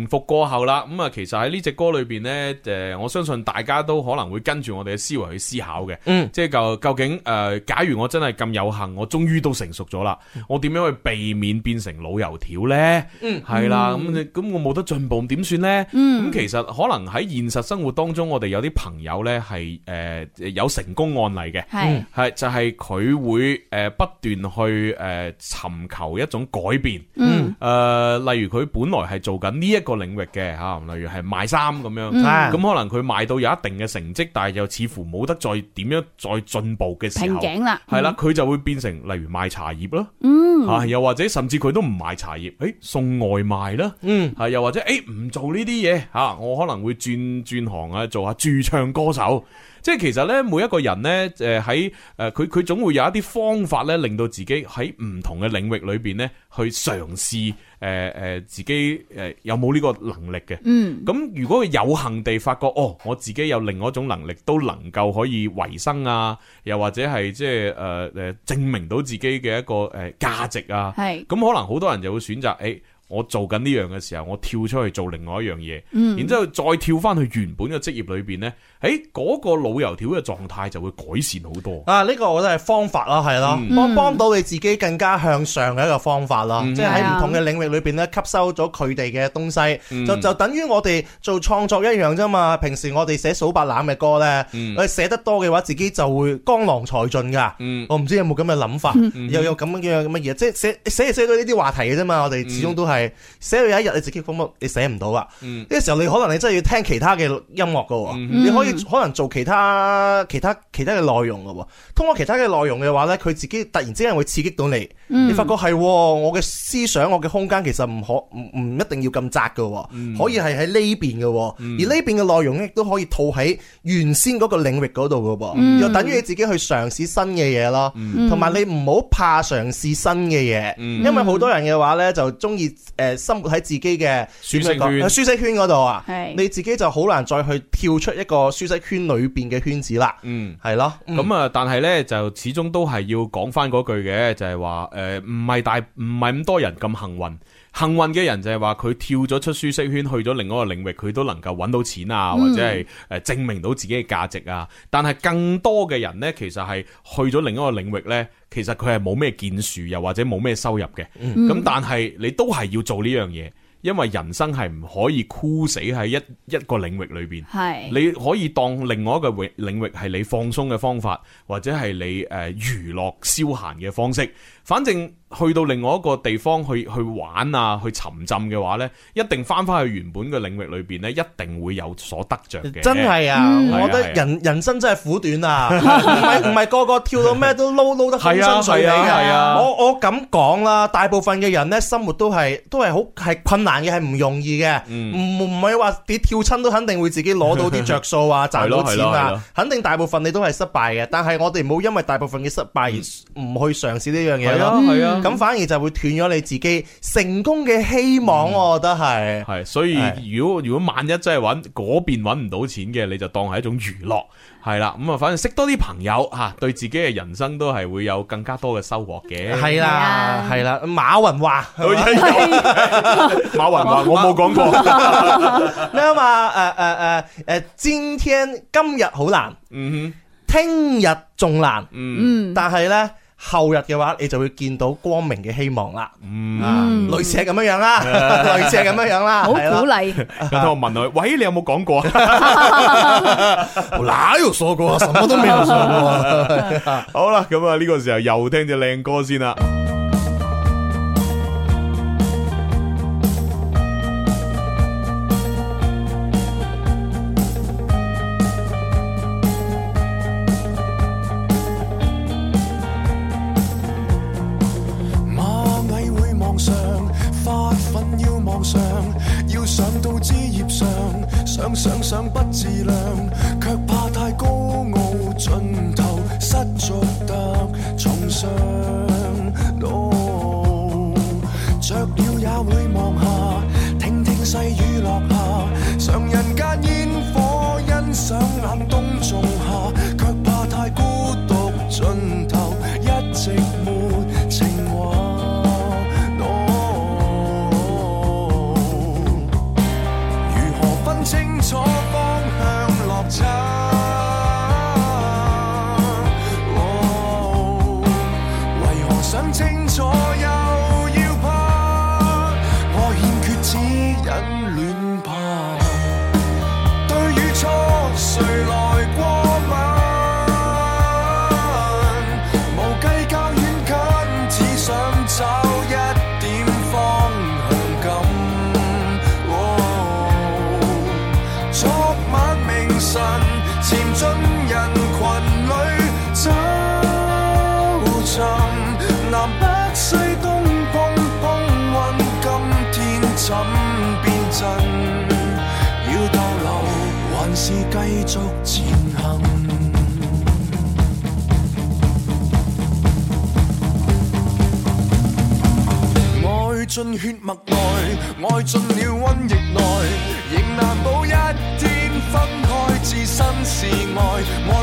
復過後啦，咁啊，其實喺呢隻歌裏邊呢，誒、呃，我相信大家都可能會跟住我哋嘅思維去思考嘅，嗯，即係就究竟誒、呃，假如我真係咁有幸，我終於都成熟咗啦，我點樣去避免變成老油條呢？嗯，係啦，咁、嗯、咁、嗯、我冇得進步點算呢？嗯，咁、嗯、其實可能喺現實生活當中，我哋有啲朋友呢係誒有成功案例嘅，係係就係、是、佢會誒、呃、不斷去誒尋求一種改變，嗯，誒、呃呃、例如佢本來係做緊呢一個。領域嘅吓，例如係賣衫咁樣，咁、嗯、可能佢賣到有一定嘅成績，但係又似乎冇得再點樣再進步嘅時候，瓶頸啦，係啦，佢、嗯、就會變成例如賣茶葉啦，嗯，啊，又或者甚至佢都唔賣茶葉，誒、欸，送外賣啦，嗯，啊，又或者誒，唔、欸、做呢啲嘢，吓、啊，我可能會轉轉行啊，做下駐唱歌手。即係其實咧，每一個人咧，誒喺誒，佢佢總會有一啲方法咧，令到自己喺唔同嘅領域裏邊咧，去嘗試誒誒，自己誒有冇呢個能力嘅。嗯。咁如果佢有幸地發覺，哦，我自己有另外一種能力都能夠可以維生啊，又或者係即係誒誒，證明到自己嘅一個誒價值啊。係。咁可能好多人就會選擇誒。欸我做緊呢樣嘅時候，我跳出去做另外一樣嘢，然之後再跳翻去原本嘅職業裏邊呢誒嗰個老油條嘅狀態就會改善好多。啊，呢、呢個我覺得係方法啦，係咯，嗯、幫幫到你自己更加向上嘅一個方法啦，嗯、即係喺唔同嘅領域裏邊咧，吸收咗佢哋嘅東西，嗯、就就等於我哋做創作一樣啫嘛。平時我哋寫數白欖嘅歌咧，誒、嗯、寫得多嘅話，自己就會江郎才盡噶。我唔知有冇咁嘅諗法，又有咁樣嘅乜嘢，即係寫寫嚟寫呢啲話題嘅啫嘛。我哋始終都係。寫到有一日你自己封屋，你寫唔到啊。呢個時候你可能你真係要聽其他嘅音樂噶，你可以可能做其他其他其他嘅內容噶，通過其他嘅內容嘅話呢，佢自己突然之間會刺激到你，你發覺係我嘅思想，我嘅空間其實唔可唔唔一定要咁窄噶，可以係喺呢邊噶，而呢邊嘅內容亦都可以套喺原先嗰個領域嗰度噶，又等於你自己去嘗試新嘅嘢咯，同埋你唔好怕嘗試新嘅嘢，因為好多人嘅話呢，就中意。誒、呃、生活喺自己嘅舒適圈，舒適圈度啊，的你自己就好難再去跳出一個舒適圈裏邊嘅圈子啦。嗯，係咯。咁啊，但係呢，就始終都係要講翻嗰句嘅，就係話誒，呃、唔係大，唔係咁多人咁幸運。幸運嘅人就係話佢跳咗出舒適圈去咗另外一個領域，佢都能夠揾到錢啊，嗯、或者係誒證明到自己嘅價值啊。但係更多嘅人呢，其實係去咗另一個領域呢，其實佢係冇咩建樹，又或者冇咩收入嘅。咁、嗯嗯、但係你都係要做呢樣嘢，因為人生係唔可以枯死喺一一個領域裏邊。係是你可以當另外一個領域係你放鬆嘅方法，或者係你誒娛樂消閒嘅方式。反正去到另外一個地方去去玩啊，去沉浸嘅話咧，一定翻翻去原本嘅領域裏邊咧，一定會有所得着嘅。真係啊，嗯、我覺得人人生真係苦短啊，唔係唔係個個跳到咩都撈撈得滿身水㗎。我我咁講啦，大部分嘅人咧，生活都係都係好係困難嘅，係唔容易嘅，唔唔係話你跳親都肯定會自己攞到啲着數啊，賺、 啊、到錢啊，肯定大部分你都係失敗嘅。但係我哋唔好因為大部分嘅失敗而唔去嘗試呢樣嘢。 係咯，係啊，咁反而就會斷咗你自己成功嘅希望，我覺得係。係，所以如果如果萬一真係揾嗰邊揾唔到錢嘅，你就當係一種娛樂，係啦。咁啊，反正識多啲朋友吓，對自己嘅人生都係會有更加多嘅收穫嘅。係啦，係啦。馬雲話，馬雲話我冇講過咩啊嘛？誒誒誒誒，今天今日好難，嗯哼，聽日仲難，嗯，但係呢。後日嘅話，你就會見到光明嘅希望啦。嗯，鐳石咁樣樣啦，鐳石咁樣樣啦，好鼓勵。我問佢：喂，你有冇講過啊？哪有說過？什麼都未有講過。好啦，咁啊，呢個時候又聽隻靚歌先啦。進血脈內，愛進了瘟疫內，仍難保一天分開至生自愛。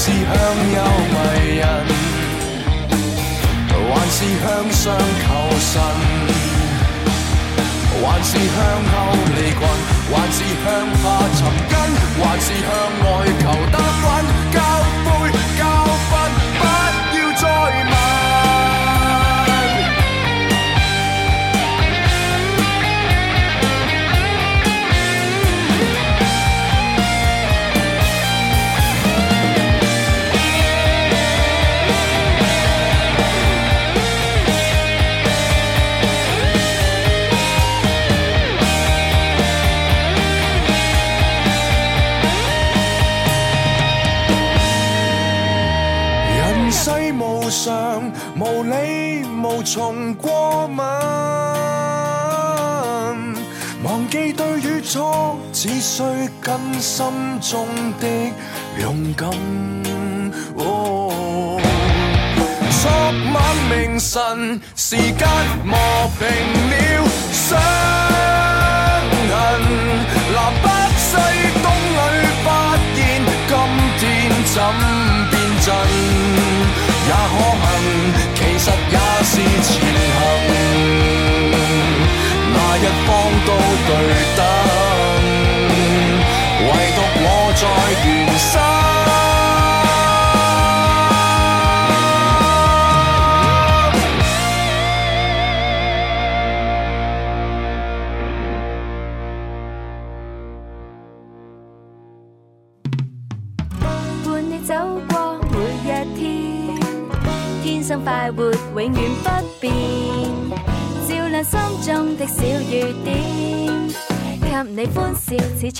是向右迷人，還是向上求神？還是向後離群，還是向下尋根？還是向外求答案？重過敏，忘記對與錯，只需跟心中的勇敢。昨晚明晨，時間磨平了傷痕，南北西東裏發現，今天怎變陣，也可行。實也是前行，哪一方都對等，唯獨我在。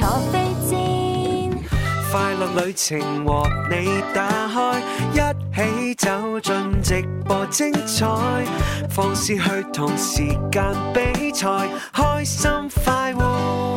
坐飛箭，快樂旅程和你打開，一起走進直播精彩，放肆去同時間比賽，開心快活。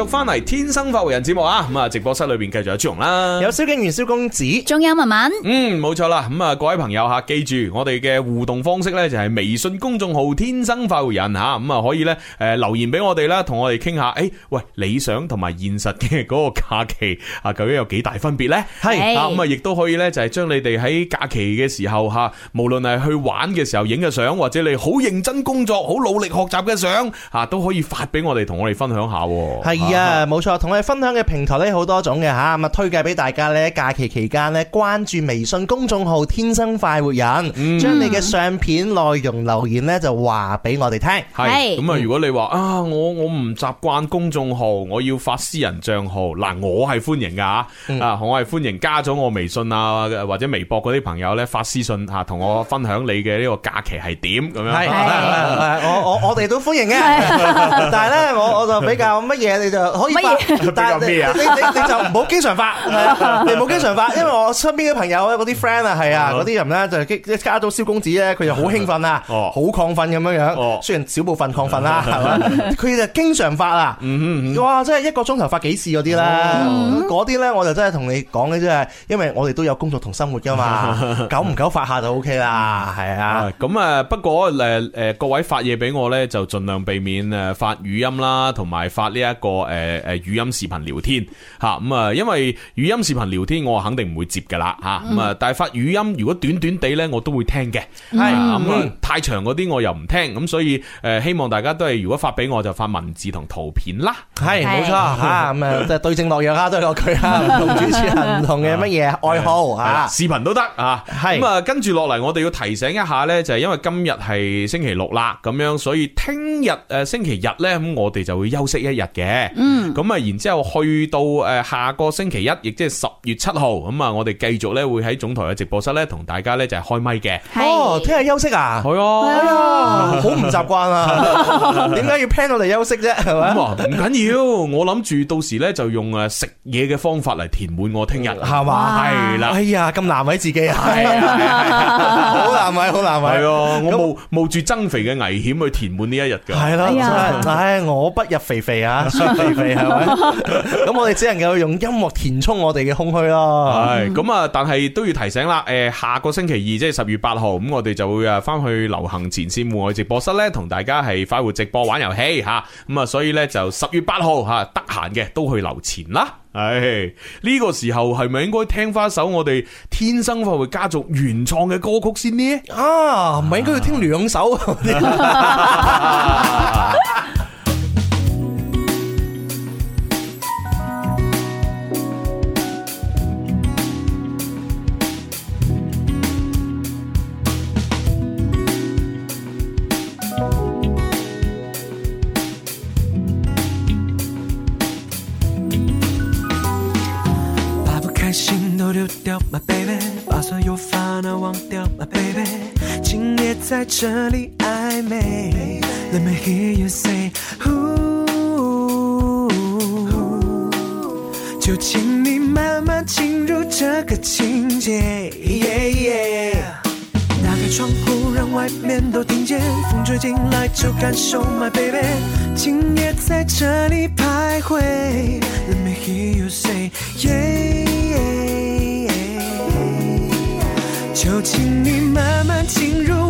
繼續翻嚟《天生發圍人》節目啊，咁啊，直播室裏邊繼續有朱紅啦，有蕭敬元、蕭公子，仲有文文，嗯，冇錯啦，咁啊，各位朋友吓，記住我哋嘅互動方式咧，就係微信公眾號《天生發圍人》吓，咁啊，可以咧誒留言俾我哋啦，同我哋傾下，誒、哎、喂，理想同埋現實嘅嗰個假期啊究竟有幾大分別咧？係啊是，咁啊、嗯，亦都可以咧，就係將你哋喺假期嘅時候吓，無論係去玩嘅時候影嘅相，或者你好認真工作、好努力學習嘅相，吓都可以發俾我哋，同我哋分享下。係。冇錯，同我哋分享嘅平台咧好多種嘅吓，咁啊推介俾大家咧假期期間咧關注微信公眾號天生快活人，將、嗯、你嘅相片內容留言咧就話俾我哋聽。係咁啊，如果你話啊，我我唔習慣公眾號，我要發私人賬號，嗱我係歡迎噶啊、嗯、我係歡迎加咗我微信啊或者微博嗰啲朋友咧發私信吓，同我分享你嘅呢個假期係點咁樣。係我我哋都歡迎嘅， 但係呢，我我就比較乜嘢。就可以，但係你你你就唔好經常發麼， 你唔好經常發，因為我身邊嘅朋友嗰啲 friend 啊，係啊嗰啲人咧就一加咗蕭公子咧，佢就好興奮啊，好亢奮咁樣樣，雖然少部分亢奮啦，係嘛？佢就經常發啊，哇！真係一個鐘頭發幾次嗰啲啦，嗰啲咧我就真係同你講咧，即係因為我哋都有工作同生活㗎嘛，久唔久發下就 O K 啦，係啊。咁啊，不過誒誒各位發嘢俾我咧，就盡量避免誒發語音啦，同埋發呢、這、一個。誒誒，語音視頻聊天吓咁啊，因為語音視頻聊天我肯定唔會接噶啦吓咁啊，但係發語音如果短短地咧，我都會聽嘅。咁是、嗯、太長嗰啲我又唔聽，咁所以誒，希望大家都係如果發俾我就發文字同圖片啦。係冇錯啊，咁是啊，就是、對症落藥啦、啊，對落句啦。唔同主持人唔同嘅乜嘢愛好啊，視頻都得啊。係咁啊，跟住落嚟我哋要提醒一下咧，就係因為今日係星期六啦，咁樣所以聽日誒星期日咧咁我哋就會休息一日嘅。嗯，咁啊，然之後去到誒下個星期一，亦即係十月七號，咁啊，我哋繼續咧會喺總台嘅直播室咧同大家咧就係開咪嘅。哦，聽日休息啊？係啊，好唔習慣啊？點解要 plan 我哋休息啫？係咪？唔緊要，我諗住到時咧就用誒食嘢嘅方法嚟填滿我聽日，係嘛？係啦，哎呀，咁難為自己啊？係啊，好難為，好難為，係啊，我冒冒住增肥嘅危險去填滿呢一日噶。係啦，唉，我不入肥肥啊！係咪？咁 我哋只能夠用音樂填充我哋嘅空虛咯。係咁啊！但係都要提醒啦，誒，下個星期二即係十月八號，咁我哋就會啊翻去流行前線戶外直播室呢，同大家係快活直播玩遊戲吓。咁啊，所以呢，就十月八號吓得閒嘅都去留前啦。係呢、這個時候係咪應該聽翻首我哋天生快活家族原創嘅歌曲先呢？啊，唔係應該要聽兩首？ 在這裏曖昧，Let me hear you say，就請你慢慢進入這個情節。打開窗戶，讓外面都聽見，風吹進來就感受，My baby，今夜在這裏徘徊，Let me hear you say，就請你慢慢進入。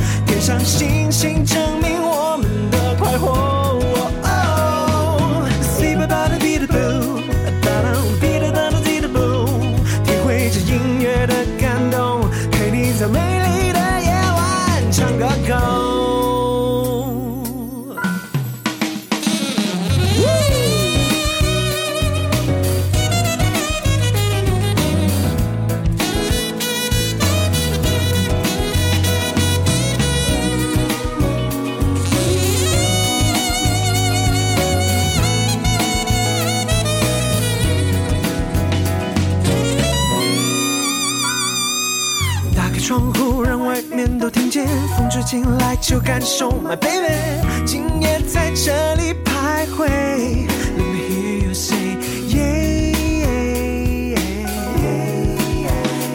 讓星星證明。住進來就感受，my baby，今夜在這裏徘徊。Let me hear you say yeah。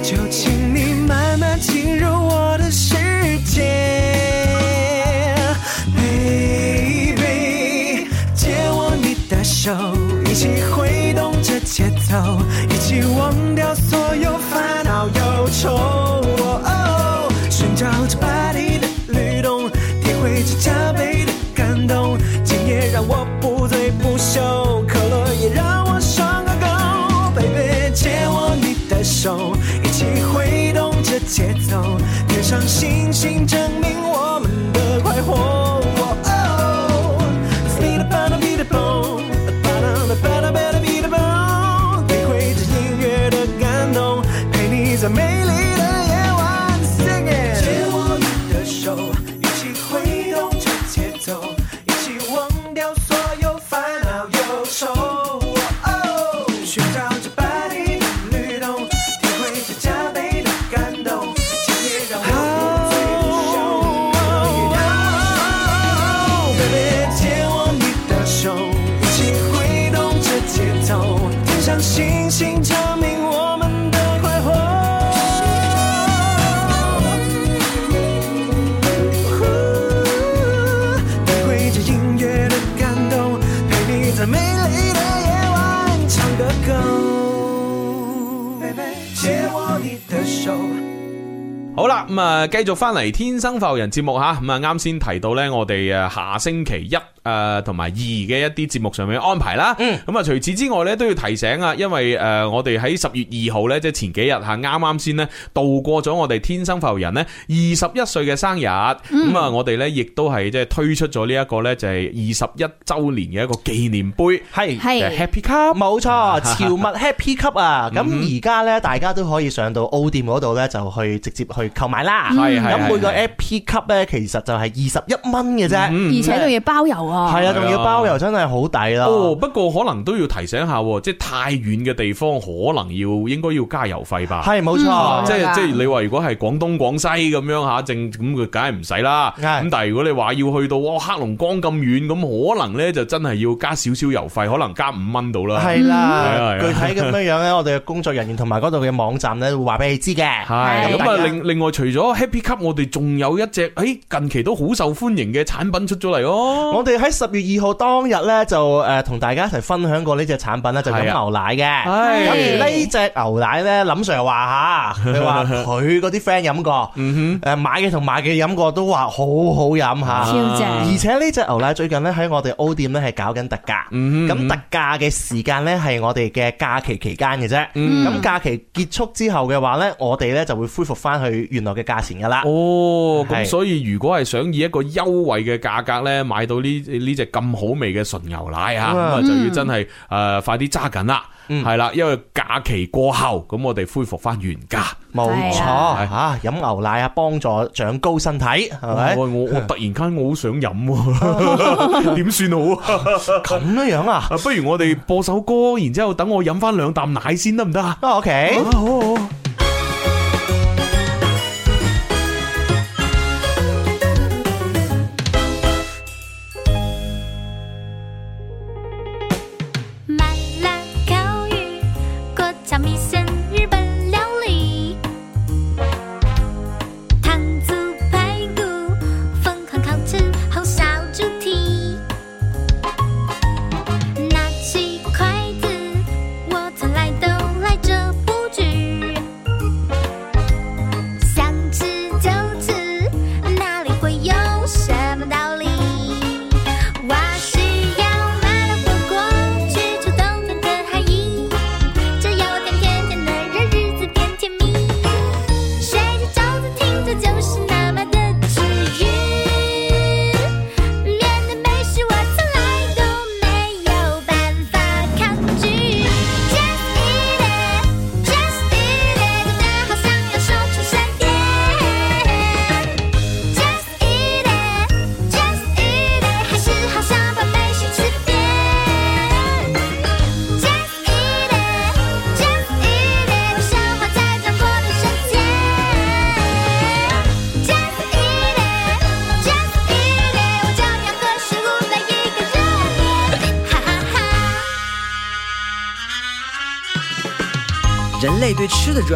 就請你慢慢進入我的世界，baby，借我你的手，一起揮動着節奏，一起往。天上星星證明。咁、嗯、啊，繼續返嚟《天生浮人》節目吓，咁啊，啱先提到咧，我哋誒下星期一。誒同埋二嘅一啲節目上面安排啦，咁啊除此之外咧都要提醒啊，因為誒我哋喺十月二號咧，即係前幾日吓啱啱先咧度過咗我哋天生浮人咧二十一歲嘅生日，咁啊我哋咧亦都係即係推出咗呢一個咧就係二十一周年嘅一個紀念杯，係、嗯、係係 Happy Cup，冇錯，潮物 Happy Cup 啊！咁而家咧大家都可以上到澳店度咧就去直接去購買啦，係係，咁每個 Happy Cup 咧其實就係二十一蚊嘅啫，而且仲要包郵啊！係啊，仲要包郵，真係好抵啦。不過可能都要提醒下，即係太遠嘅地方可能要應該要加郵費吧。係冇錯，即係即係你話如果係廣東廣西咁樣吓，正咁佢梗係唔使啦。咁但係如果你話要去到哇黑龍江咁遠，咁可能咧就真係要加少少郵費，可能加五蚊到啦。係啦，具體咁樣樣咧，我哋嘅工作人員同埋嗰度嘅網站咧會話俾你知嘅。係咁啊，另另外除咗 Happy Cup，我哋仲有一隻誒近期都好受歡迎嘅產品出咗嚟哦。我哋。喺十月二號當日呢，就誒同大家一齊分享過呢隻產品呢就飲牛奶嘅。咁而呢隻牛奶呢，林 Sir 話吓，佢話佢嗰啲 friend 飲過，誒 買嘅同賣嘅飲過都話好好飲吓，超正。而且呢隻牛奶最近呢，喺我哋 O 店呢，係搞緊特價，咁特價嘅時間呢，係我哋嘅假期期間嘅啫。咁 假期結束之後嘅話呢，我哋呢就會恢復翻去原來嘅價錢噶啦。哦，咁是所以如果係想以一個優惠嘅價格呢，買到呢？呢隻咁好味嘅純牛奶啊，咁啊就要真係誒快啲揸緊啦，係啦，因為假期過後，咁我哋恢復翻原價，冇錯吓，飲牛奶啊，幫助長高身體，係咪？我我突然間我好想飲，點算好？咁樣樣啊？不如我哋播首歌，然之後等我飲翻兩啖奶先得唔得啊？OK，好。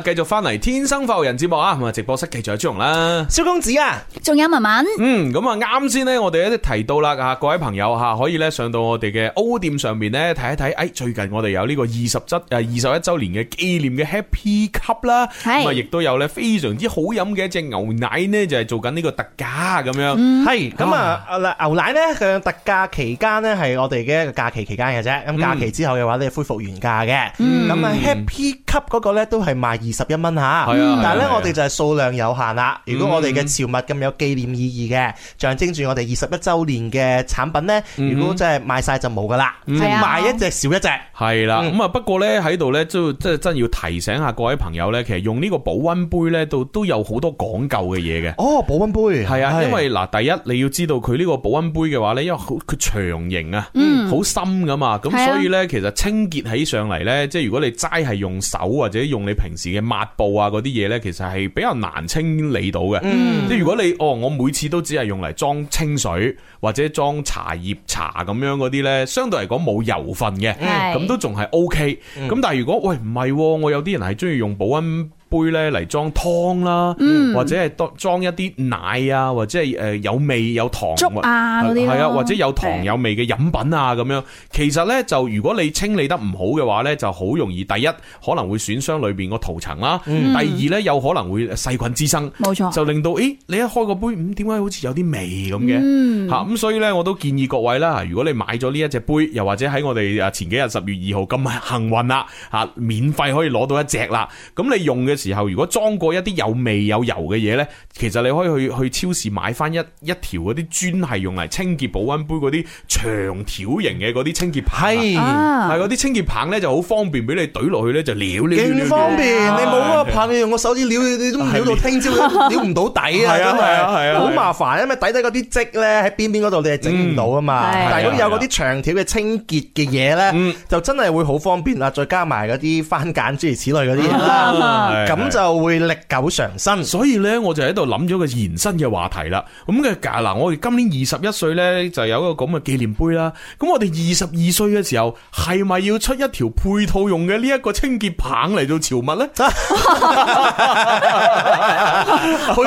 繼續翻嚟《天生浮人》節目啊，咁啊，直播室繼續有朱紅啦，蕭公子啊。仲有文文，嗯，咁啊，啱先咧，我哋一啲提到啦，啊，各位朋友吓，可以咧上到我哋嘅 O 店上面咧睇一睇，誒，最近我哋有呢個二十則誒，二十一周年嘅紀念嘅 Happy Cup 啦，咁啊，亦都有咧非常之好飲嘅一隻牛奶咧，就係做緊呢個特價咁樣，係，咁啊，牛奶咧向特價期間咧係我哋嘅一個假期期間嘅啫。咁假期之後嘅話咧恢復原價嘅，咁啊 Happy Cup 嗰個咧都係賣二十一蚊吓，係啊，但係咧我哋就係數量有限啦，如果我哋嘅潮物咁樣。紀念意義嘅，象徵住我哋二十一周年嘅產品呢。嗯、如果真係賣晒就冇噶啦，係、嗯、賣一隻少一隻。係啦，咁啊不過呢，喺度呢，都即係真要提醒下各位朋友呢，其實用呢個保温杯呢，都都有好多講究嘅嘢嘅。哦，保温杯係啊的，因為嗱，第一你要知道佢呢個保温杯嘅話呢，因為好佢長形啊，好、嗯、深噶嘛，咁、嗯、所以呢，其實清潔起上嚟呢，即係如果你齋係用手或者用你平時嘅抹布啊嗰啲嘢呢，其實係比較難清理到嘅。即係如果你。哦，我每次都只係用嚟裝清水或者裝茶葉茶咁樣嗰啲呢，相對嚟講冇油份嘅，咁是都仲係 OK。咁但係如果喂唔係、哦，我有啲人係中意用保溫。杯呢嚟裝湯啦，嗯、或者係多裝一啲奶啊，或者係誒有味有糖啊啲，係啊，或者有糖有味嘅飲品啊咁樣。其實呢，就如果你清理得唔好嘅話呢，就好容易第一可能會損傷裏邊個塗層啦，嗯、第二呢有可能會細菌滋生，冇錯，就令到誒你一開個杯，嗯，點解好似有啲味咁嘅，吓咁，所以呢，我都建議各位啦，如果你買咗呢一隻杯，又或者喺我哋啊前幾日十月二號咁幸運啦，吓、啊、免費可以攞到一隻啦，咁你用嘅時候如果裝過一啲有味有油嘅嘢呢，其實你可以去去超市買翻一一條嗰啲專係用嚟清潔保溫杯嗰啲長條型嘅嗰啲清潔棒，係嗰啲清潔棒呢就好方便，俾你懟落去呢，就撩撩，勁方便。你冇個棒，你用個手指撩，你都撩到聽朝撩唔到底啊！真係啊，係啊，好麻煩，因為底底嗰啲漬呢，喺邊邊嗰度，你係整唔到啊嘛。但係如果有嗰啲長條嘅清潔嘅嘢呢，就真係會好方便啦。再加埋嗰啲番梘諸如此類嗰啲嘢啦。咁就會歷久常新，所以咧我就喺度諗咗個延伸嘅話題啦。咁嘅嗱，我哋今年二十一歲咧，就有一個咁嘅紀念杯啦。咁我哋二十二歲嘅時候，係咪要出一條配套用嘅呢一個清潔棒嚟做潮物咧？配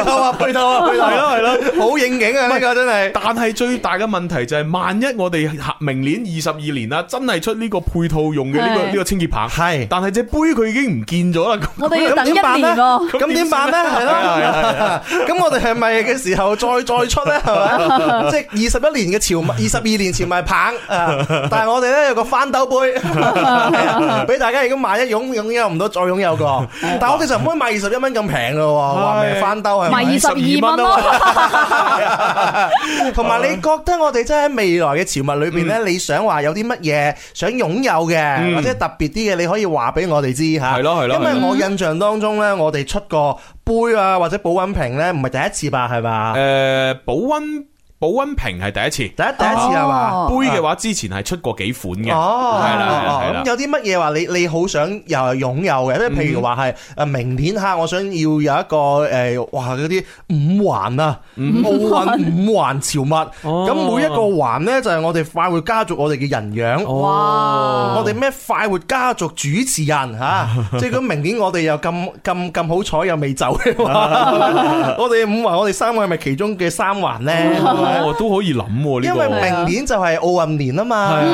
套啊，配套啊，配套咯，係咯，係咯，好應景啊！呢個真係。但係最大嘅問題就係，萬一我哋明年二十二年啦，真係出呢個配套用嘅呢個呢個清潔棒，係。但係隻杯佢已經唔見咗啦。點辦呢？咁點辦呢？係咯，咁、 嗯、我哋係咪嘅時候再再出呢？係咪？即係二十一年嘅潮物，二十二年潮物棒，但係我哋呢有個翻斗杯，俾 大家如果萬一擁擁有唔到，再擁有個。但係我其實唔可以賣二十一蚊咁平咯，話明的翻斗係賣二十二蚊，同埋，啊、 你覺得我哋真係喺未來嘅潮物裏邊呢，嗯、你想話有啲乜嘢想擁有嘅，嗯、或者特別啲嘅，你可以話俾我哋知吓。因為我印象當。當中咧，我哋出個杯啊，或者保溫瓶咧，唔係第一次吧，係嘛？誒、呃，保溫。保溫瓶係第一次，第一第一次係嘛？杯嘅話之前係出過幾款嘅，係係啦。咁有啲乜嘢話你你好想又係擁有嘅咧？譬如話係誒，明年吓我想要有一個誒，哇嗰啲五環啊，五環奧運五環潮物。咁每一個環咧就係我哋快活家族我哋嘅人樣。哇！我哋咩快活家族主持人吓，即係咁明年我哋又咁咁咁好彩又未走。我哋五環，我哋三個係咪其中嘅三環咧？哦，都、這個、可以諗呢個，因為明年就係奧運年啊嘛，係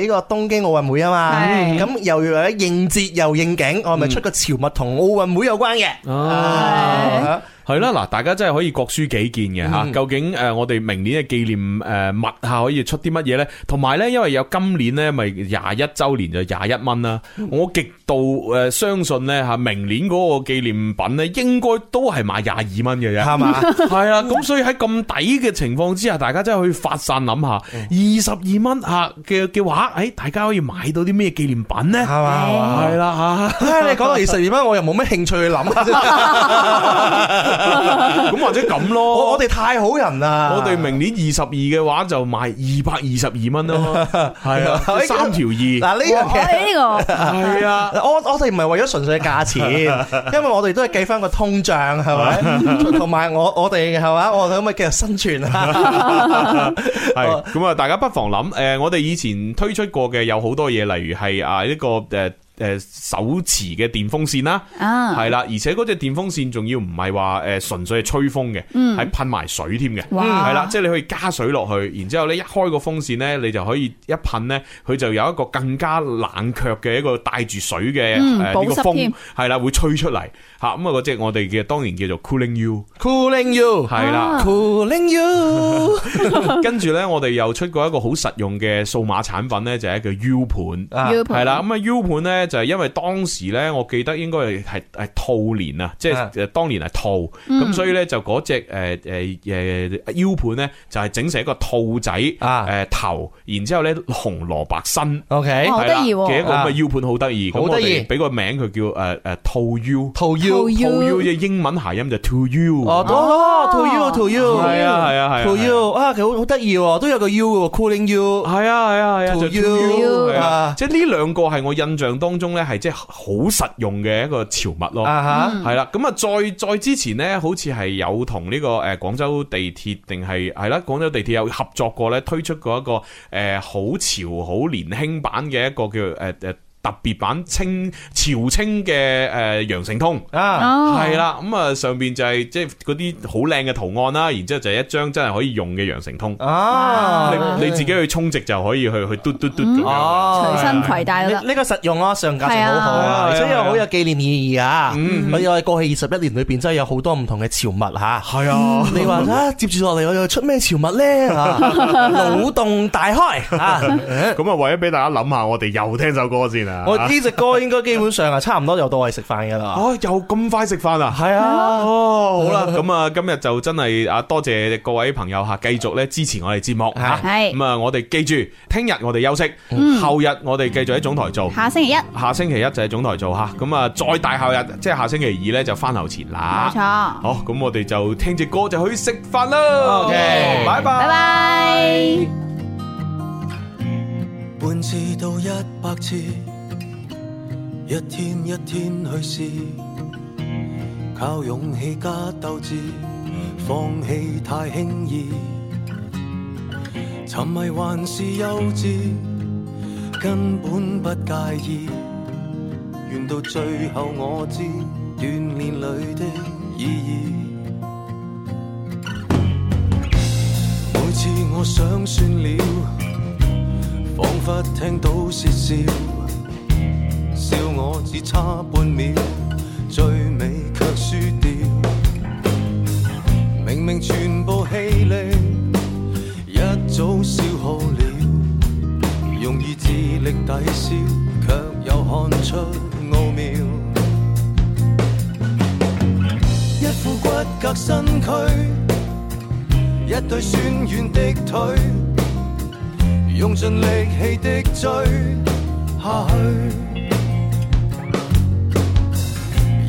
呢、嗯、個東京奧運會啊嘛，咁又要應節又應景，嗯、我係咪出個潮物同奧運會有關嘅。啊啊係啦，嗱，大家真係可以各抒己見嘅吓，嗯、究竟誒，我哋明年嘅紀念誒物吓可以出啲乜嘢咧？同埋咧，因為有今年咧，咪廿一週年就廿一蚊啦。我極度誒相信咧吓，明年嗰個紀念品咧，應該都係賣廿二蚊嘅啫，係嘛？係啊，咁所以喺咁抵嘅情況之下，大家真係可以發散諗下，二十二蚊吓嘅嘅話，誒，大家可以買到啲咩紀念品咧？係嘛吧？係啦吓，啊、 你講到二十二蚊，我又冇咩興趣去諗。 咁 或者咁咯，我哋太好人啦。我哋明年二十二嘅話就賣二百二十二蚊咯，係 啊，三條二。嗱，呢樣嘢呢個係、這個、啊，我我哋唔係為咗純粹嘅價錢， 因為我哋都係計翻個通脹係咪？同埋 我我哋係咪啊？我哋可唔可以繼續生存啊？係咁啊！大家不妨諗誒，我哋以前推出過嘅有好多嘢，例如係啊呢個誒。誒，手持嘅電風扇啦，係啦，而且嗰隻電風扇仲要唔係話誒純粹係吹風嘅，係噴埋水添嘅，係啦，即係你可以加水落去，然之後咧一開個風扇咧，你就可以一噴咧，佢就有一個更加冷卻嘅一個帶住水嘅呢個風，係啦，會吹出嚟吓，咁啊嗰隻我哋嘅當然叫做 cooling you，cooling you，係啦，cooling you，跟住咧我哋又出過一個好實用嘅數碼產品咧，就係一個 U 盤，係啦，咁啊 U 盤咧。就係因為當時咧，我記得應該係係兔年啊，即係當年係兔，咁所以咧就嗰隻誒誒誒 U 盤咧就係整成一個兔仔啊誒頭，然之後咧紅蘿蔔身，OK，好得意嘅一個咁 U 盤，好得意，咁我哋俾個名佢叫誒誒兔 U，兔 U，兔 U 嘅英文諧音就 To U，哦，To U，To U，係啊係啊係 To U，啊，佢好好得意喎，都有個 U 嘅 Cooling U，係啊係啊係啊，U 嚟噶，即係呢兩個係我印象當中。當中咧係即係好實用嘅一個潮物咯，係啦、uh，咁、huh. 啊再再之前咧，好似係有同呢、這個誒廣、呃、州地鐵定係係啦，廣州地鐵有合作過咧，推出過一個誒好、呃、潮好年輕版嘅一個叫誒誒。呃特別版清朝清嘅誒羊城通啊，係啦，咁啊上邊就係即係嗰啲好靚嘅圖案啦，然之後就係一張真係可以用嘅羊城通啊，你自己去充值就可以去去嘟嘟嘟咁隨身攜帶呢個實用啊，上價好好好，真係好有紀念意義啊！我又係過去二十一年裏邊真係有好多唔同嘅潮物吓，係啊！你話啦，接住落嚟我又出咩潮物咧？腦洞大開咁啊，為咗俾大家諗下，我哋又聽首歌先。我呢隻歌應該基本上啊，差唔多又到我哋食飯嘅啦。哦，又咁快食飯啊？係啊。哦，好啦，咁啊，今日就真係啊，多謝各位朋友吓，繼續咧支持我哋節目吓。係。咁啊，我哋記住，聽日我哋休息，後日我哋繼續喺總台做。下星期一。下星期一就喺總台做吓，咁啊，再大後日，即係下星期二咧，就翻後前啦。冇錯。好，咁我哋就聽隻歌就去食飯啦。OK，拜拜。拜拜。半次到一百次。一天一天去試，靠勇氣加鬥志，放棄太輕易，沉迷還是幼稚，根本不介意。願到最後我知鍛鍊裏的意義。 每次我想算了，彷彿聽到竊笑。笑我只差半秒，最尾卻輸掉。明明全部氣力一早消耗了，用意志力抵消，卻又看出奧妙。 一副骨骼身軀，一對酸軟的腿，用盡力氣的追下去。